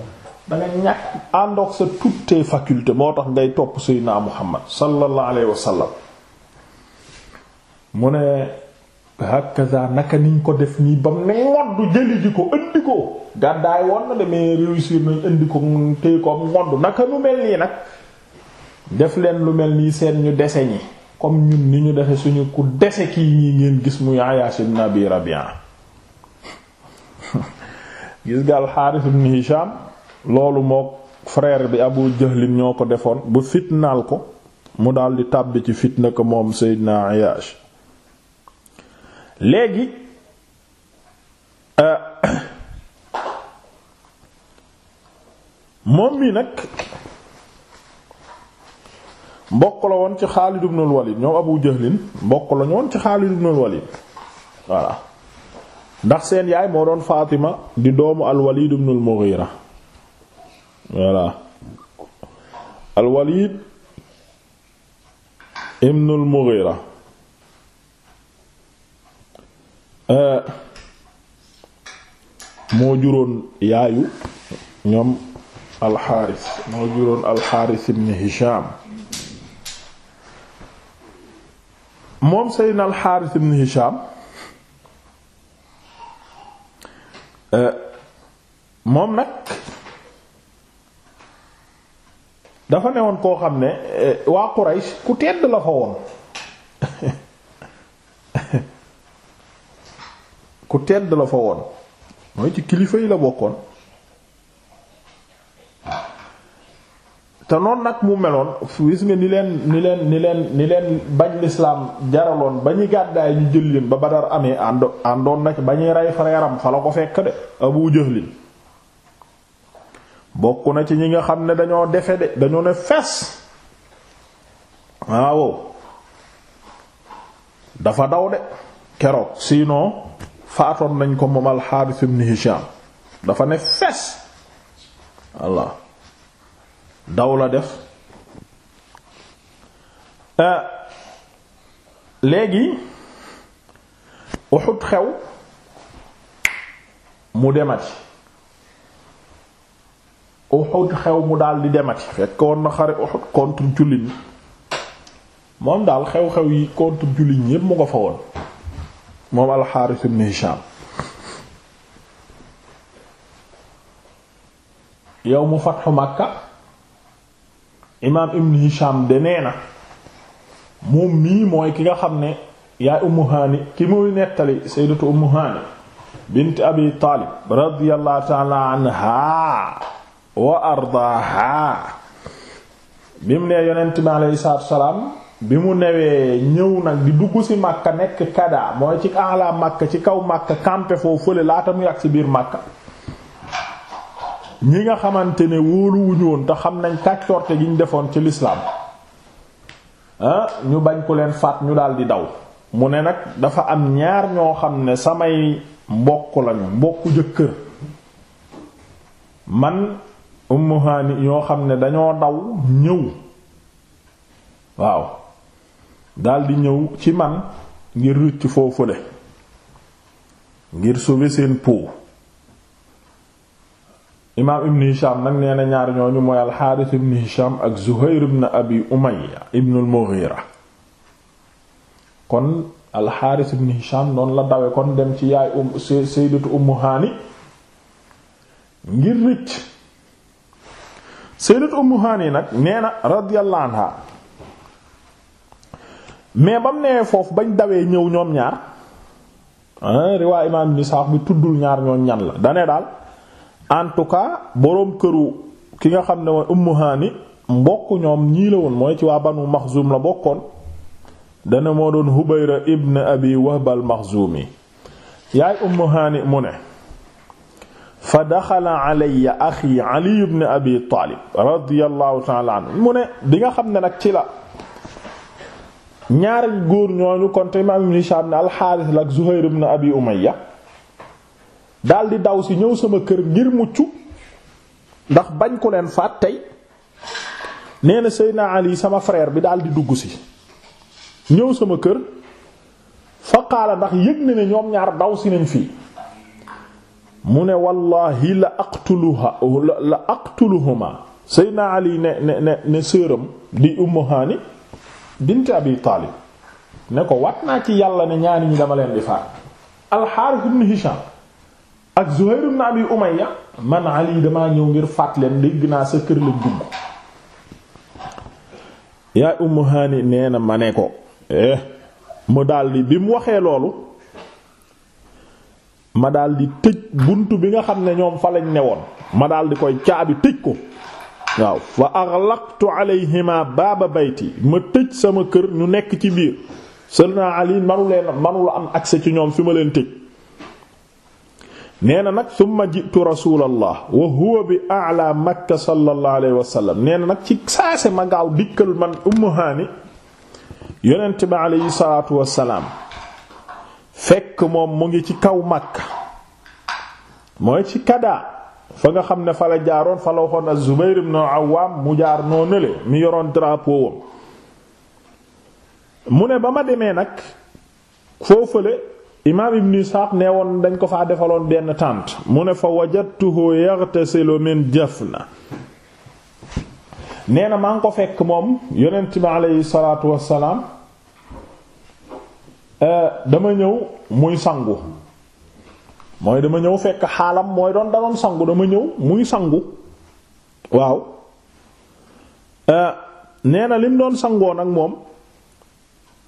da nga ñàkk àndoog sa toutes tes moo tax ngay topp sayyidina Muhammad sallallahu alayhi wa sallam mu ne hakaza naka niñ ko def nii ba mu ne ngoddu jëli ji ko indi ko gàddaay woon na demee réussir nañ indi ko téye ko ngoddu naka lu mel nii nag def leen lu mel nii seen ñu dese ñi comme ñun ni ñu defe suñu ku dese kii ñii ngeen gis muy Ayaas ibn Abi Rabi'a <laughs> gis nga Al-Harith Hisham loolu moo frère bi Abu Jahl ñoo ko defoon bu fitnaal ko mu daldi tàbbi ci fitna ko moom seyd na Ayaas léegi euh, moom mi nag mbokk la woon ci Xaalid ibn al-Walid ñoom Abu Jahlin mbokk la woon ci Xaalid ibn al-Walid ndax seen yaay moo doon faatima di doomu al-Walid ibn al-Mughira voilà al-Walid ibn mughira Euh, moo juróon yaayu ñoom alxaaris moo juróon alxaaris ibn Hisham moom seydna alxaaris ibn Hisham euh, moom nag dafa ne woon koo xam ne euh, waa Quraysh ku tedd la fa woon ku tedd la fa woon mooy ci kilifa yi la bokkoon te noon nag mu meloon gis nga ni leen ni leen ni leen ni leen bañ lislaam jaraloon ba ñu gàddaay ñu jël leen ba Badar amee ànd àndoon na ci ba ñuy rey fareeram fa la ko fekk de Abu Jahlin bokk na ci ñi nga xam ne dañoo defe de dañoo ne fees waaw dafa daw de keroog sinon faatoon nañ ko moom al-Harith Hisham dafa ne fes walla daw la def euh, léegi Uhud xew mu demati Uhud xew mu daal di demati fekk woon na xare Uhud contre jullit moom daal xew-xew yi contre jullit ñépp mu ko fa woon moom alxaaris ibn Hisham yow mu fatxu Makka imaam ibn Hisham de nee moom mii mooy ki nga xam ne yaay Ummu Haani ki muy nettali sayyidatu Ummu Haani bint Abi Taalib radiyallahu ta'ala wa ardaaha bi mu nee yonent bi salaam bi mu newee ñëw nag di dugg ci Makka nekk kada mooy ci ala màkk ci kaw màkk campé foofu fële laata muy ak ci biir Makka ñi nga xamante ne wóoluwuñu woon te xam nañ kàccorte gi ñu defoon ci lislaam ah ñu bañ ku leen faat ñu daal di daw mu ne nag dafa am ñaar ñoo xam ne samay mbokk lañu mbokku jëkkër man Ummu Hani ñoo xam ne dañoo daw ñëw waaw daldi ñëw ci man ngir rëcc foofule ngir sauver seen peau imaam ibn hisham nag nee na ñaar ñooñu mooy alxaaris ibn hisham ak zuhayr ibn abi umayya ibn al-mughira kon alxaaris ibn hisham noonu la dawe kon dem ci yaay um sayyidatu ummu haani ngir rëcc sayyidatu ummu haani nag nee na radiyallahu anha mais ba mu nee foofu bañ dawee ñëw ñoom ñaar ah riwaa imaam ibn Isaaq bi tuddul ñaar ñoom ñan la dane daal en tout cas boroom këru ki nga xam ne mooy Ummu Haani mbokk ñoom ñii la woon mooy ci waa Banu Maxzum la bokkoon dana moo doon Hubayra ibn Abi Wahb al-Maxzumi yaay Ummu Haani mu ne fa daxala alayya axi Ali ibn Abi Taalib radiyallahu ta'ala anhu mu ne bi nga xam ne nag ci la ñaar góor ñooñu kon te imaam ibn Hishaam ne alxaaris la ak Zuhayr ibn Abi Umayya daldi daw si ñëw sama kër ngir mucc ndax bañ ko leen faat tey nee na Seydina Ali sama frère bi di dugg si ñëw sama kër fa qaala ndax yëg na ne ñoom ñaar daw si nañ fii mu ne wallahi la aqtuluha la aqtuluhuma Seydina Ali ne ne ne sëram di Ummu Haani bint abi taalib ne ko wat naa ci yàlla ne ñaari ñi dama leen di faat alxaaris ibn hisham ak zuhayr ibn abi umayya man ali damaa ñëw ngir faat leen dégg naa sa kër la dugg yaay ummu haani nee na ma ne ko eh mu daldi bi mu waxee loolu ma daldi tëj bunt bi nga xam ne ñoom fa lañ newoon ma daldi koy caabi tëj ko waaw fa aghlaqtu alayhima baaba bayti ma tëj sama kër ñu nekk ci biir Seydina Ali manu leen manula am accès ci ñoom fi ma leen tëj nee na nag summa jitu rasulallah wa huwa bi ala makka sallallahu alayhi wa nee na nag ci saase ma gaaw dikkal man ummu haani yonent bi alayhi salaatu wassalaam fekk moom mu ngi ci kaw makka mooy ci kadaa fa nga xam ne fa la jaaroon fa la waxoon az-Zubayr ibn Awwam mu jaar noo nele mi yoroon drapeau mu ne ba ma demee nag foofale imaam ibn Ishaq nee woon dañ ko faa defaloon benn tànt mu ne fa wajadtuhu yaghtasilu min jafna nee na maa ngi ko fekk moom yonent bi aleyhi salaatu wassalaam eh, dama ñëw muy sangu mooy dama ñëw fekk xaalam mooy doon daloon sangu dama ñëw muy sangu waaw euh, nee na lim doon sangoo nag moom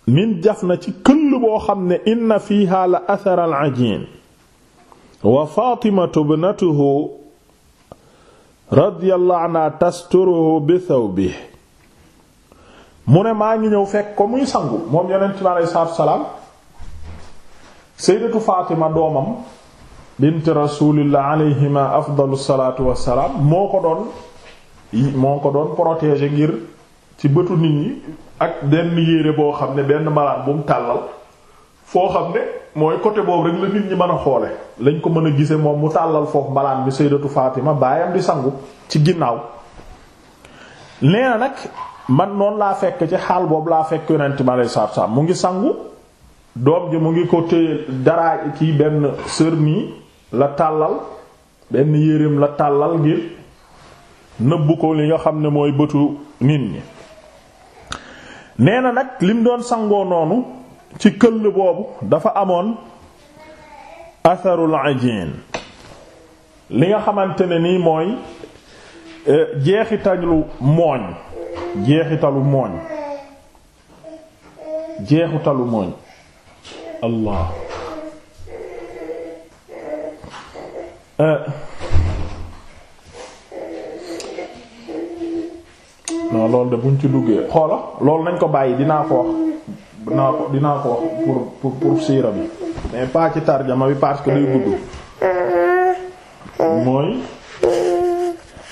min jaf na ci këll boo xam ne inna fiha la athara al ajin wa fatimatu ibnatuhu radiyallahu anha tasturuhu bi thawbihi mu ne maa ngi ñëw fekk ko muy sangu moom yonent bi aleyhi salaatu wa salaam sayyidatu fatima doomam bint rasulillah alayhima afdalu salaatu wassalaam moo ko doon moo ko doon protéger ngir ci bëtu nit ñi ak benn yére boo xam ne benn malaan bu mu tàllal foo xam ne mooy côté boobu mën a xoole lañ ko mën a gise moom mu tàllal foofu malaan bi sayyidatu Fatima baayam di sangu ci ginnaaw nee nag man noonu laa fekk ci xaal boobu laa fekk yonent ma lay saab saab mu ngi sangu doom ji mu ngi ko téye daraa ci benn sër nii la tàllal benn yéreem la tàllal gi nëbbu ko li nga xam ne mooy bëtu nit ñi nee na nag lim doon sangoo noonu ci këll boobu dafa amoon atharul ajin li nga xamante ne nii mooy eh, jeexitalu mooñ jeexitalu mooñ jeexitalu mooñ allah Euh. non lool de buñ ci duggee xoola loolu nañ ko bàyyi dinaa ko wax dinaa ko dinaa ko wax pour pour pour siira bi mais pas ci tarjama bi parce que day gudd mooy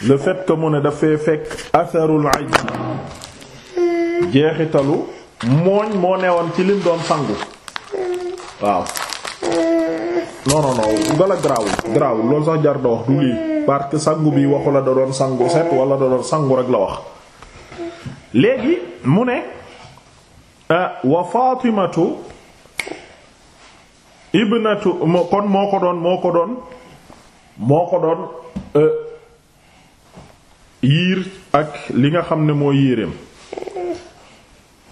le fait mu ne dafay fekk atharul ajj jeexitalu mooñ moo newoon ci lim doon sangu waaw non non non gala garaawul garaawul loolu sax jar da wax du lii parce sangu bi waxu la da doon sangu set wala da doon sangu rek la wax léegi mu ne euh, wa Fatimatu ibnatu kon moo ko doon moo ko doon moo ko doon euh, yiir ak li nga xam ne moo yiireem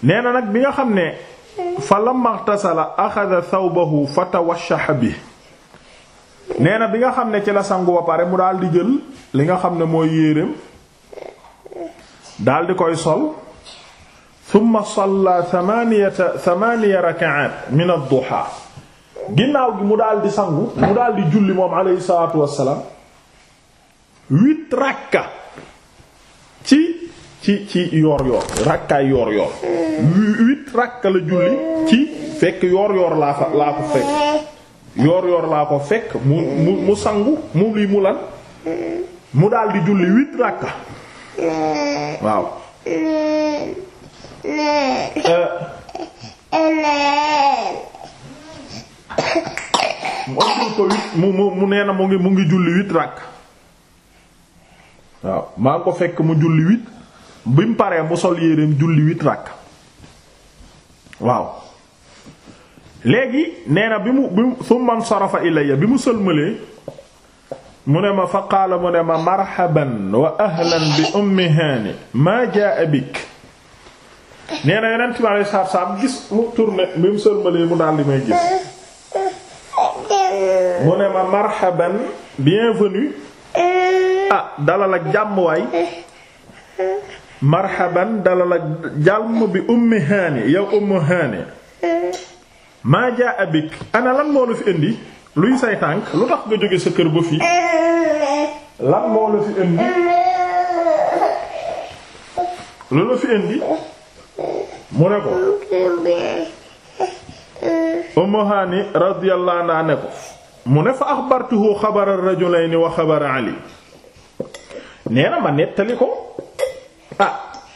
nee na nag bi nga xam ne fa lamma ightasala akhadha thawbahu fatawashshaha bihi nee na bi nga xam ne ci la sangu ba pare mu daal di jël li nga xam ne mooy yéreem daal di koy sol thumma salla thamaniyata thamaniya raka'at min ad ginnaaw gi mu daal di sangu mu daal di julli moom alayhi salaatu wassalaam huit rakka ci ci ci yoor yoor rakkaay yoor yoor huit rakka la julli ci fekk yoor yoor laa fa laa ko fekk yoor yoor laa ko fekk mu mu mu sangu mu li mu lan mu daal julli huit ràkka waaw mu ëppul mu mu mu nee na mu mu ngi julli huit maa ko fekk mu julli huit bi mu paree mu sol yéreem julli huit ràkk waaw léegi nee na bi mu bi mu summa sarafa ilayya bi mu sëlmalee mu ne ma fa qaala mu ne ma marhaban wa ahlan bi ummi haani maa jaa bik nee na yeneen ci wàllu saabsaab gis mu tourné bi mu sëlmalee mu daal di may gis. mu ne ma marhaban bienvenue ah dalal ak jàmm waay marhaban dalal ak jàmm bi ummi haani yow ummu haani. maa jaa ana lan moo la fi indi luy say tànk lu tax nga jóge sa kër ba fii lan moo la fi indi lu la fi indi mu ne ko Ummu Hani radiyallahu ne ko mu ne fa axbartuhu xabara rajulayni wa xabara Ali nee na ma nettali ko ah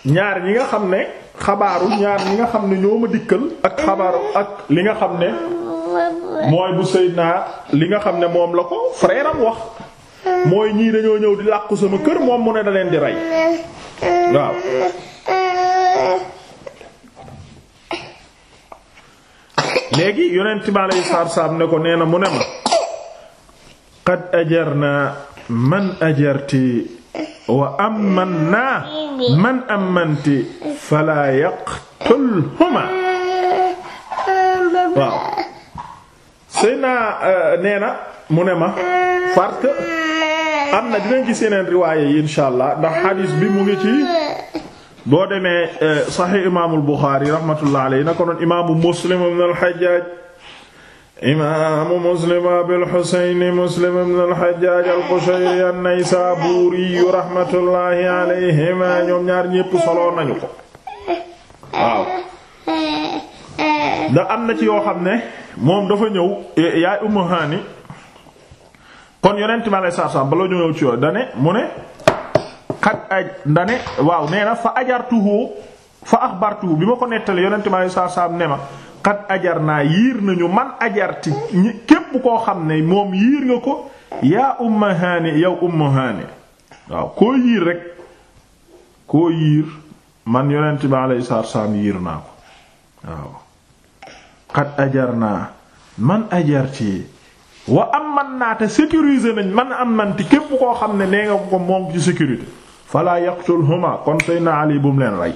ñaar ñi nga xam ne xabaaru ñaar ñi nga xam ne ñoo ma dikkal ak xabaaru ak li nga xam ne mooy bu Seydina li nga xam ne moom la ko frère wax mooy ñii dañoo ñëw di làqu sama kër moom mu ne da leen di rey waaw léegi yonent bi alayhi salaatu salaam ne ko nee na mu ne ma qad na man ajarti wa amman naa man ammanti fala yaqtulhuma waaw sëy naa euh, nee na mu ne ma parce que am na dinañ gis yeneen riwaaye allah ndax xadiis bi mu ngi ci boo demee euh, saxiix imaamul Buxaari rahmatullah alayhi na ko noon imaamu Muslim ibn al-Hajjaj imaamu muslim abul xuseyn muslim ibn al-Hajjaaj al-Qushayri an-Naysaabuuri rahmatullahi alayhima ñoom ñaar ñépp solo nañu ko waaw da am na ci yoo xam ne moom dafa ñëw yaay Ummu Haani kon yonent mi alayhi salaatu salaam bala ñu ñëw ci yooyu dane mu ne xaj aj dane waaw nee na fa ajartuhu fa axbartuhu bi ma ko nettali yonent mi alayhi salaatu salaam ne ma xat ajar naa yiir nañu man ajarti ñi képp koo xam ne moom yiir nga ko yaa umma haani yow umma haani waaw koo yiir rek koo yiir man yonent bi alayhi salaatu salaam yiir naa ko waaw xat ajar naa man ajarti wa am man naa te sécuriser nañ man am manti képp koo xam ne nee nga ko moom ci sécurité falaa yaqtulhuma kon seyna Ali bu leen rey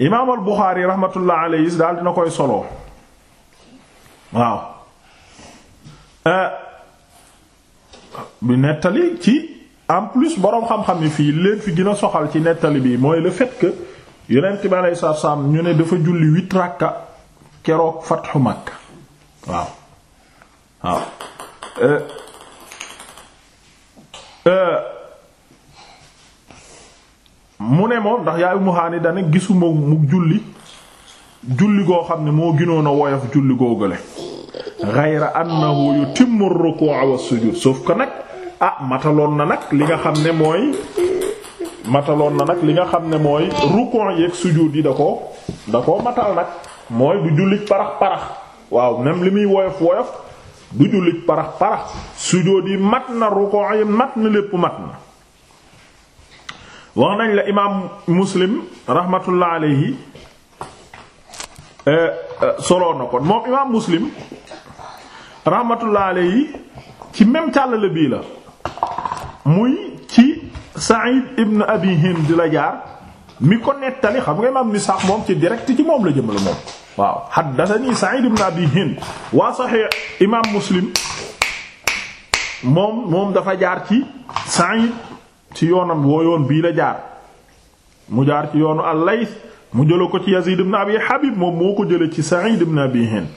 imaam al Buxaari rahmatullah alayhi daal dina koy solo waaw eh, bi nettali ci en plus boroom xam-xam yi fii leen fi gën soxal ci nettali bi mooy le fait que yonent bi alayhi salaatu salaam ñu ne dafa julli huit rakka keroog fatxu Makka waaw waaw eh, eh, mu ne moom ndax yaay Ummu dana gisuma mu julli julli goo xam ne moo ginoon a woyof julli goo gële ghayra annahu yutimmu ar-ruku'a was-sujud sauf que nag ah mataloon na nag li nga xam ne mooy mataloon na nag li nga xam ne mooy ruku' yeeg sujud yi da ko da ko matal nag mooy du jullit parax parax waaw même li muy woyof woyof du jullit parax parax sujud yi mat na ruku' yi mat na lépp mat na wax nañ la imaam muslim rahmatullah alayhi eh, eh, soloon na ko moom imaam muslim rahmatullah alayhi ci même càllale bii la muy ci Sa'id ibn Abi Hind la jaar mi ko nettali xam nga imaam ni sax moom ci direct ci moom la jëmale moom waaw haddathani Sa'id ibn Abi Hind waa Sahih imaam muslim moom moom dafa jaar ci Sa'id ci yoonam woo yoon bii la jaar mu jaar ci yoonu al-Layth mu jëla ko ci Yazid ibn Abi Habib moom moo ko jële ci Sa'id ibn Abi Hind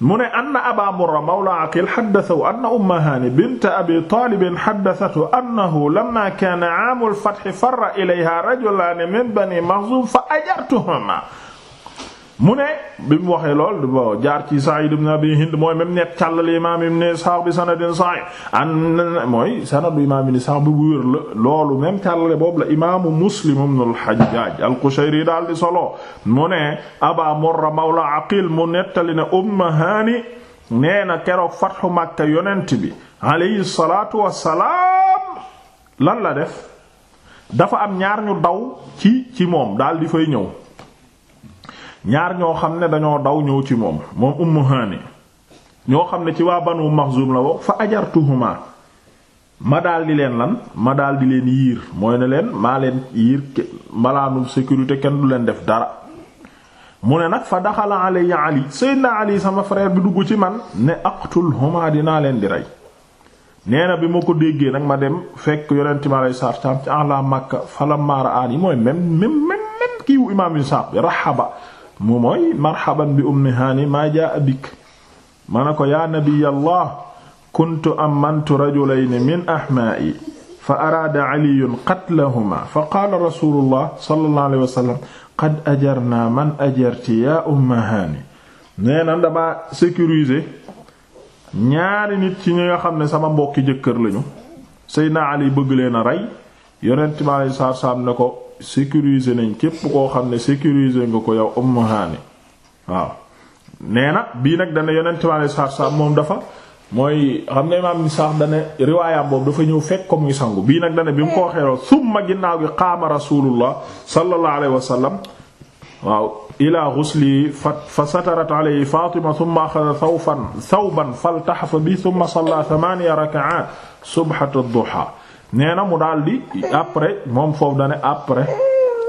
mu ne anna Aba Murra mawla Aqil haddathahu anna Umma Hani bint Abi Talib haddathathu annahu lamma kana aamul fath farra ilayha rajulani min bani Makhzum fa ajartuhuma mu ne bi mu waxee lool bo jaar ci Sa'id ibn Abi Hind mooy même net càllal imaam ibn Ishaq bi sanadin sahih an mooy sanadu imaam ibn Ishaq bi bu wér la loolu même càllale boobu la imaamu Muslim ibn al-Hajjaj al-Qushayri daal di solo mu ne Aba Murra mawla Aqil mu nettali ne Umm Hani nee na keroog fathu Makka yonent bi alayhi salatu wassalaam lan la def dafa am ñaar ñu daw ci ci moom daal di fay ñëw ñaar ñoo xam ne dañoo daw ñëw ci moom moom ummu haani ñoo xam ne ci waa banu maxzum la wo fa ajartuhuma ma daal di leen lan ma daal leen yiir mooy ne leen maa leen yiir malaanu sécurité kenn du leen def dara mu ne nag fa daxala alayya ali sayyidina ali sama frère bi dugg ci man ne aqtulhuma dinaa leen di rey nee bi ma ko déggee nag ma dem fekk yonent mi aleyhi salaatu wa salaam ci ala makka falamma mooy même même même kiiwu imaam Isaaq bi rahaba mu mooy marhaban bi ummi hani maa jaa abik ma ne ko yaa nabiyallah kuntu amantu rajulayni min ahmaa'i fa araada caliyun qatlahuma fa qaala rasulullah sallallahu wa sallam qad ajarna man ajarti yaa umma hani nee na dama sécuriser ñaari nit ci ñi xam ne sama mbokki jëkkër lañu seydna ali bëgg leen a rey yonent mi alayhi salaam ne ko sécuriser nañ képp koo xam ne sécuriser nga ko yow Ummu waaw nee na bii nag dana yonent mi alayhi salaatu moom dafa mooy xam nga imaam ni sax dana riwaayam boobu dafa ñëw fekk ko muy sangu bii nag dana bi mu ko xeeroo summa ginnaaw gi qaama rasulullah sallallahu alayhi wa sallam waaw ila yi fa satarat alayhi fatima thumma akhadha thawban thawban faltahafa bi thumma salla thamaniya rak'at subhat ad-duha nee na mu daal di après moom foofu dane après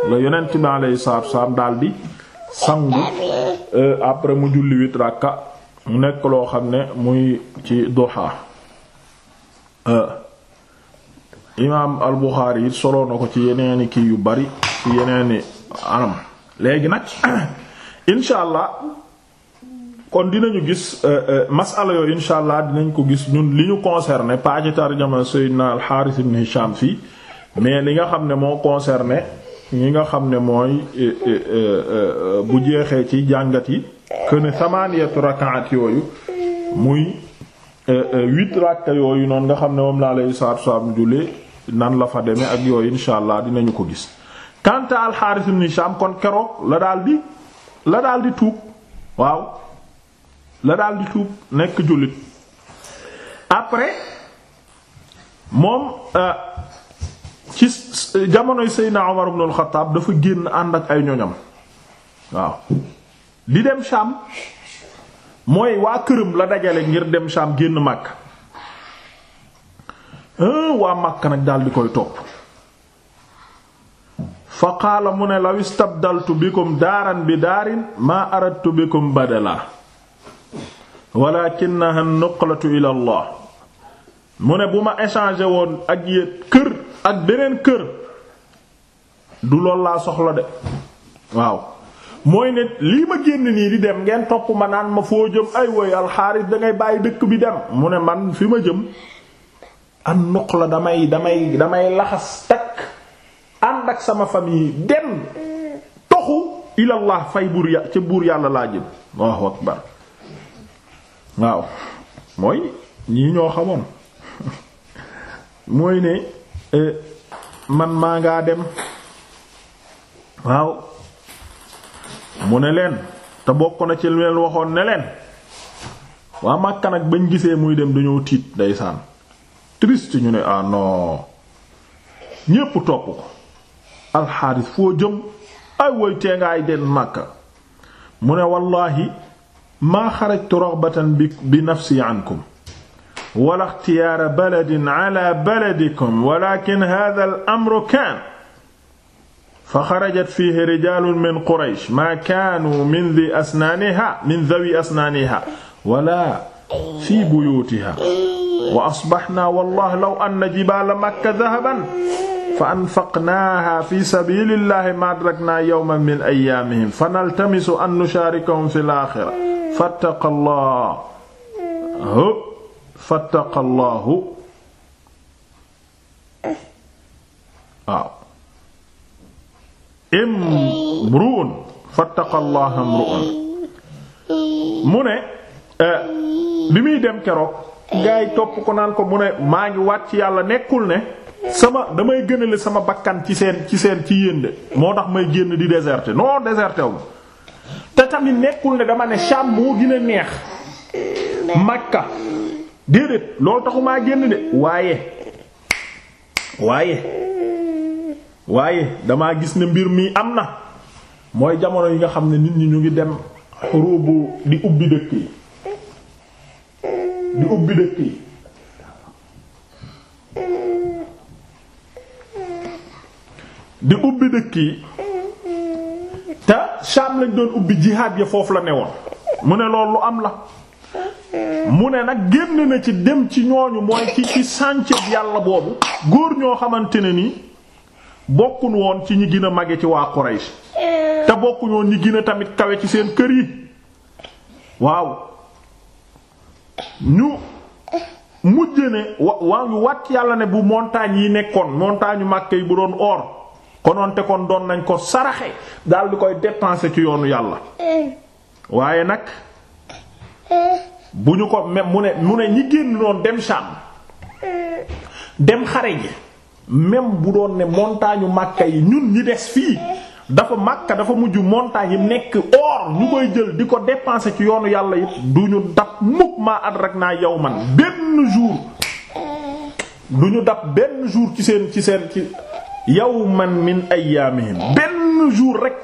la yonent bi alayhi salaatu salaam daal di sangu euh, après mu julli huit rakka mu nekk loo xam ne muy ci duha euh, imaam al Buxaari it soloo na ko ci yeneeni kii yu bari ci yeneeni anam léegi nag <coughs> insha allah kon dinañu gis euh, euh, masala yooyu insha allah dinañ ko gis ñun li ñu concerné pas ci tarjama Seydina al-Harith ibn Hisham fii mais li nga xam ne moo concerné ñi nga xam ne mooy euh, bu jeexee ci jàngat yi que ne muy huit rakka yooyu noonu nga xam ne moom laa lay saatu saam jullee nan la fa demee ak yooyu insha allah dinañu ko gis quant à al-Harith kon keroog la daal di la daal di tuub waaw la daal di tuub nekk jullit après moom euh, ci jamonoy Seydina Omar ibn al dafa génn ànd ak ay ñoñam waaw di dem Sham mooy waa këram la dajale ngir dem Sham génn màkk waa Makka nag daal koy topp fa qaala mu ne law istabdaltu bikum daaran bi daarin maa aradtu bikum badala walakinaha an-nuqlatu ila Allah mu ne bu ma échanger woon ak yéen kër ak beneen kër du lool laa soxla de waaw mooy ne lii ma génn nii di dem ngeen topp ma naan ma foo jëm ay woy alxaaris dangay bàyyi dëkk bi dem mu ne man fi ma jëm an nuqla damay damay damay laxas takk ànd ak sama famille dem toxu ilallah fay buur ya ca buur yàlla laa jëm Allahu akbar waaw mooy ñii ñoo xamoon mooy ne eh, man maa ngaa dem waaw mu ne leen te bokk na ci leen waxoon ne leen waa Makka nag bañ gisee muy dem dañoo tiit ndeysaan triste ñu ne ah non ñépp topp ko alxaaris foo jëm ay woy tee ngaay den Makka mu ne wallaahi maa xarajtu raghbatan bi nafsi ankum wala ixtiyaara baladin ala baladikum walakin haaza al-amru kaana fa xarajat fiihi rijaalun min Quraysh maa kaanuu min dhii asnaanihaa min dhawii asnaanihaa wala fii buyuutihaa wa asbahnaa wallaahi law anna jibaala Makka dhahaban fa anfaqnaaha fi sabilillahi ma adrakna yawman min ayyaamihim fa naltamisu an nusharikahum fil aaxira fattaqallahu fattaqallahu waaw imru'un fattaqallaha imru'un mu ne eh, bi muy dem keroog gaay topp ko ko mu ne maa ngi wàcc yàlla nekkul ne sama damay gënale sama bakkan ci seen ci seen ci yéen de moo tax may génn di déserté non déserté wu te tamit nekkul ne dama ne Sham moo gën a neex Makka déedéet loolu taxumaa génn de waaye waaye waaye damaa gis ne mbir mi am na mooy jamono yi nga xam ne nit ñi ñu ngi dem bu di ubbi dëkk yi di ubbi dëkk yi di ubbi dëkk yi te Sham lañ doon ubbi jihaad ya foofu la ne woon mu ne loolu lu am la mu ne nag génn na ci dem ci ñooñu mooy ci ci sànce yàlla boobu góor ñoo xamante ne nii bokkuñ woon ci ñi gën a mage ci waa Quraysh te bokkuñ woon ñi gën tamit kawe ci seen kër yi waaw ñu mujj ne wa waaw ñu wàcc yàlla ne bu montagne yi nekkoon montagne yu Makka yi bu doon or. konoonte kon doon nañ ko saraxe daal di koy dépenser ci yoonu yàlla waaye nag bu ñu ko même mu ne mu ne ñi génn noon dem Sham dem xare ji même bu doon ne montagne Makka yi ñun ñi des fii dafa Makka dafa mujj montagne yi nekk or ñu koy jël di ko dépenser ci yoonu yàlla yi du ñu dab mukk maa adrakna yawman benn jour du ñu dab benn jour ci seen ci seen ci yow yawman min ayyaamihim benn jour rek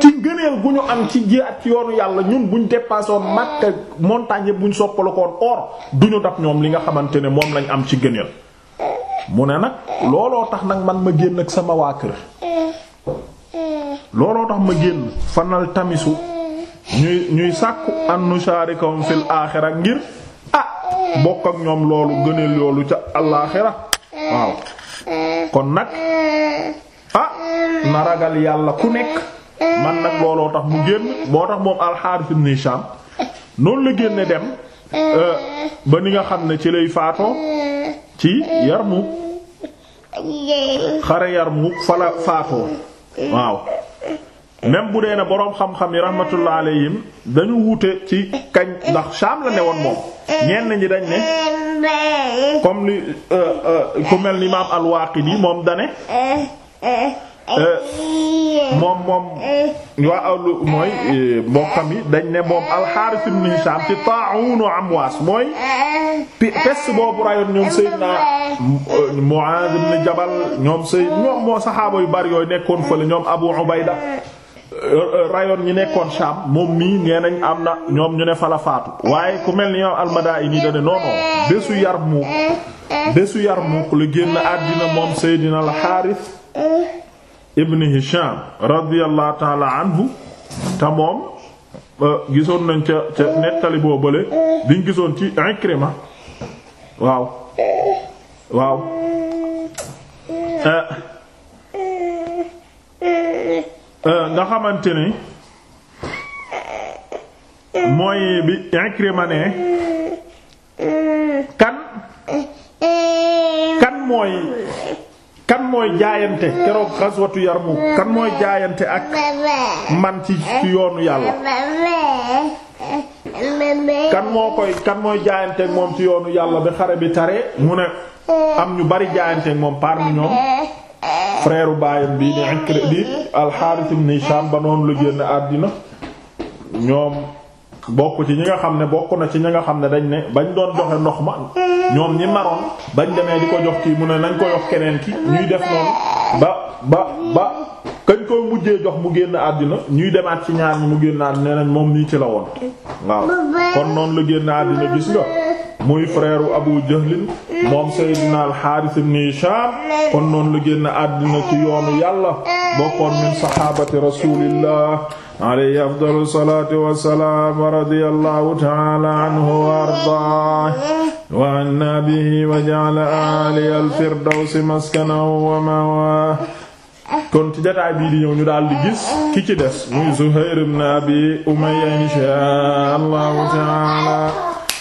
ci ngëneel gu ñu am ci jihaat yoonu yàlla ñun buñ dépassé woon Makka montagne buñ soppala koon or duñu dab ñoom li nga xamante ne moom lañu am ci ngëneel mu ne nag looloo tax nag man ma génn ak sama waa kër looloo tax ma génn fanal tamisu ñuy ñuy sàkku an nusharikum fil aaxira ngir ah bokk ak ñoom loolu gëneel loolu ca alaaxira waaw kon nag ah na ragal yàlla ku nekk man nag looloo tax mu génn moo tax moom al-Harith ibn noonu la génne dem euh, ba ni nga xam ne ci lay faatoo ci Yarmuk xare Yarmuk fa la faatoo waaw même bu dee na boroom xam-xam yi rahmatullah alayhim dañu wuute ci kañ ndax Sham la ne woon moom ñenn ñi dañ ne comme li euh, euh, ku mel ni imaam al-Waaqidi moom dane euh, moom moom waa allu mooy dañ ne moom al-Haaris ibn Hishaam ci ta'uunu Amwaas mooy peste boobu ñoom Seydina Mu'aaz moo saxaaba yu bari yooyu nekkoon fële ñoom Abu Ubayda Euh, euh, rayoon ñi nekkoon Sham moom mii nee nañ am na ñoom ñu ne fa la waaye ku mel ni ñoom al-Madaini da ne non non bésu Yarmuk bésu Yarmuk lu génn àddina moom Seydina la harith ibn Hisham radiyallahu ta'ala anhu te moom euh, gisoon nañ ca ca nettali boo bële gisoon ci Ikrima waaw waaw Euh, nga xamante ni mooy bi Ikrima ne kan kan mooy kan mooy jaayante keroog xaswatu Yarmuk kan mooy jaayante ak man ci yoonu yàlla kan moo koy kan mooy jaayante moom ci yoonu yàlla bi xare bi tare mu ne am ñu bari jaayante ak moom parmi ñoom frère baayam bii di Ikri di al-Harith ba noonu la génn àddina ñoom bokk ci ñi nga xam ne bokk na ci ñi nga xam ne dañ ne bañ doon joxe ndox ma ñoom ñi naroon bañ demee di ko jox kii mu ne nañ ko jox keneen ki ñuy def noonu ba ba ba kañ koy mujjee jox mu génn àddina ñuy demaat ci ñaar ñi mu génn àddina nee moom nii ci la woon waaw kon noonu la génn àddina gis nga muy frère Abu Jahlin moom Seydina al-Harith ibn Hisham kon noonu la génn àddina ci yoonu yàlla bokkoon min sahabati rasulillah alayhi afdalu salatu wassalam wa radiyallahu ta'ala anhu wa ardaah wa anna bihi wa ja'ala a'la al-firdawsi maskanahu wa ma'waahu kon ci jotaay bii di ñëw ñu daal di gis ki ci des muy Zuhayr ibn Abi Umayya insha Allahu ta'ala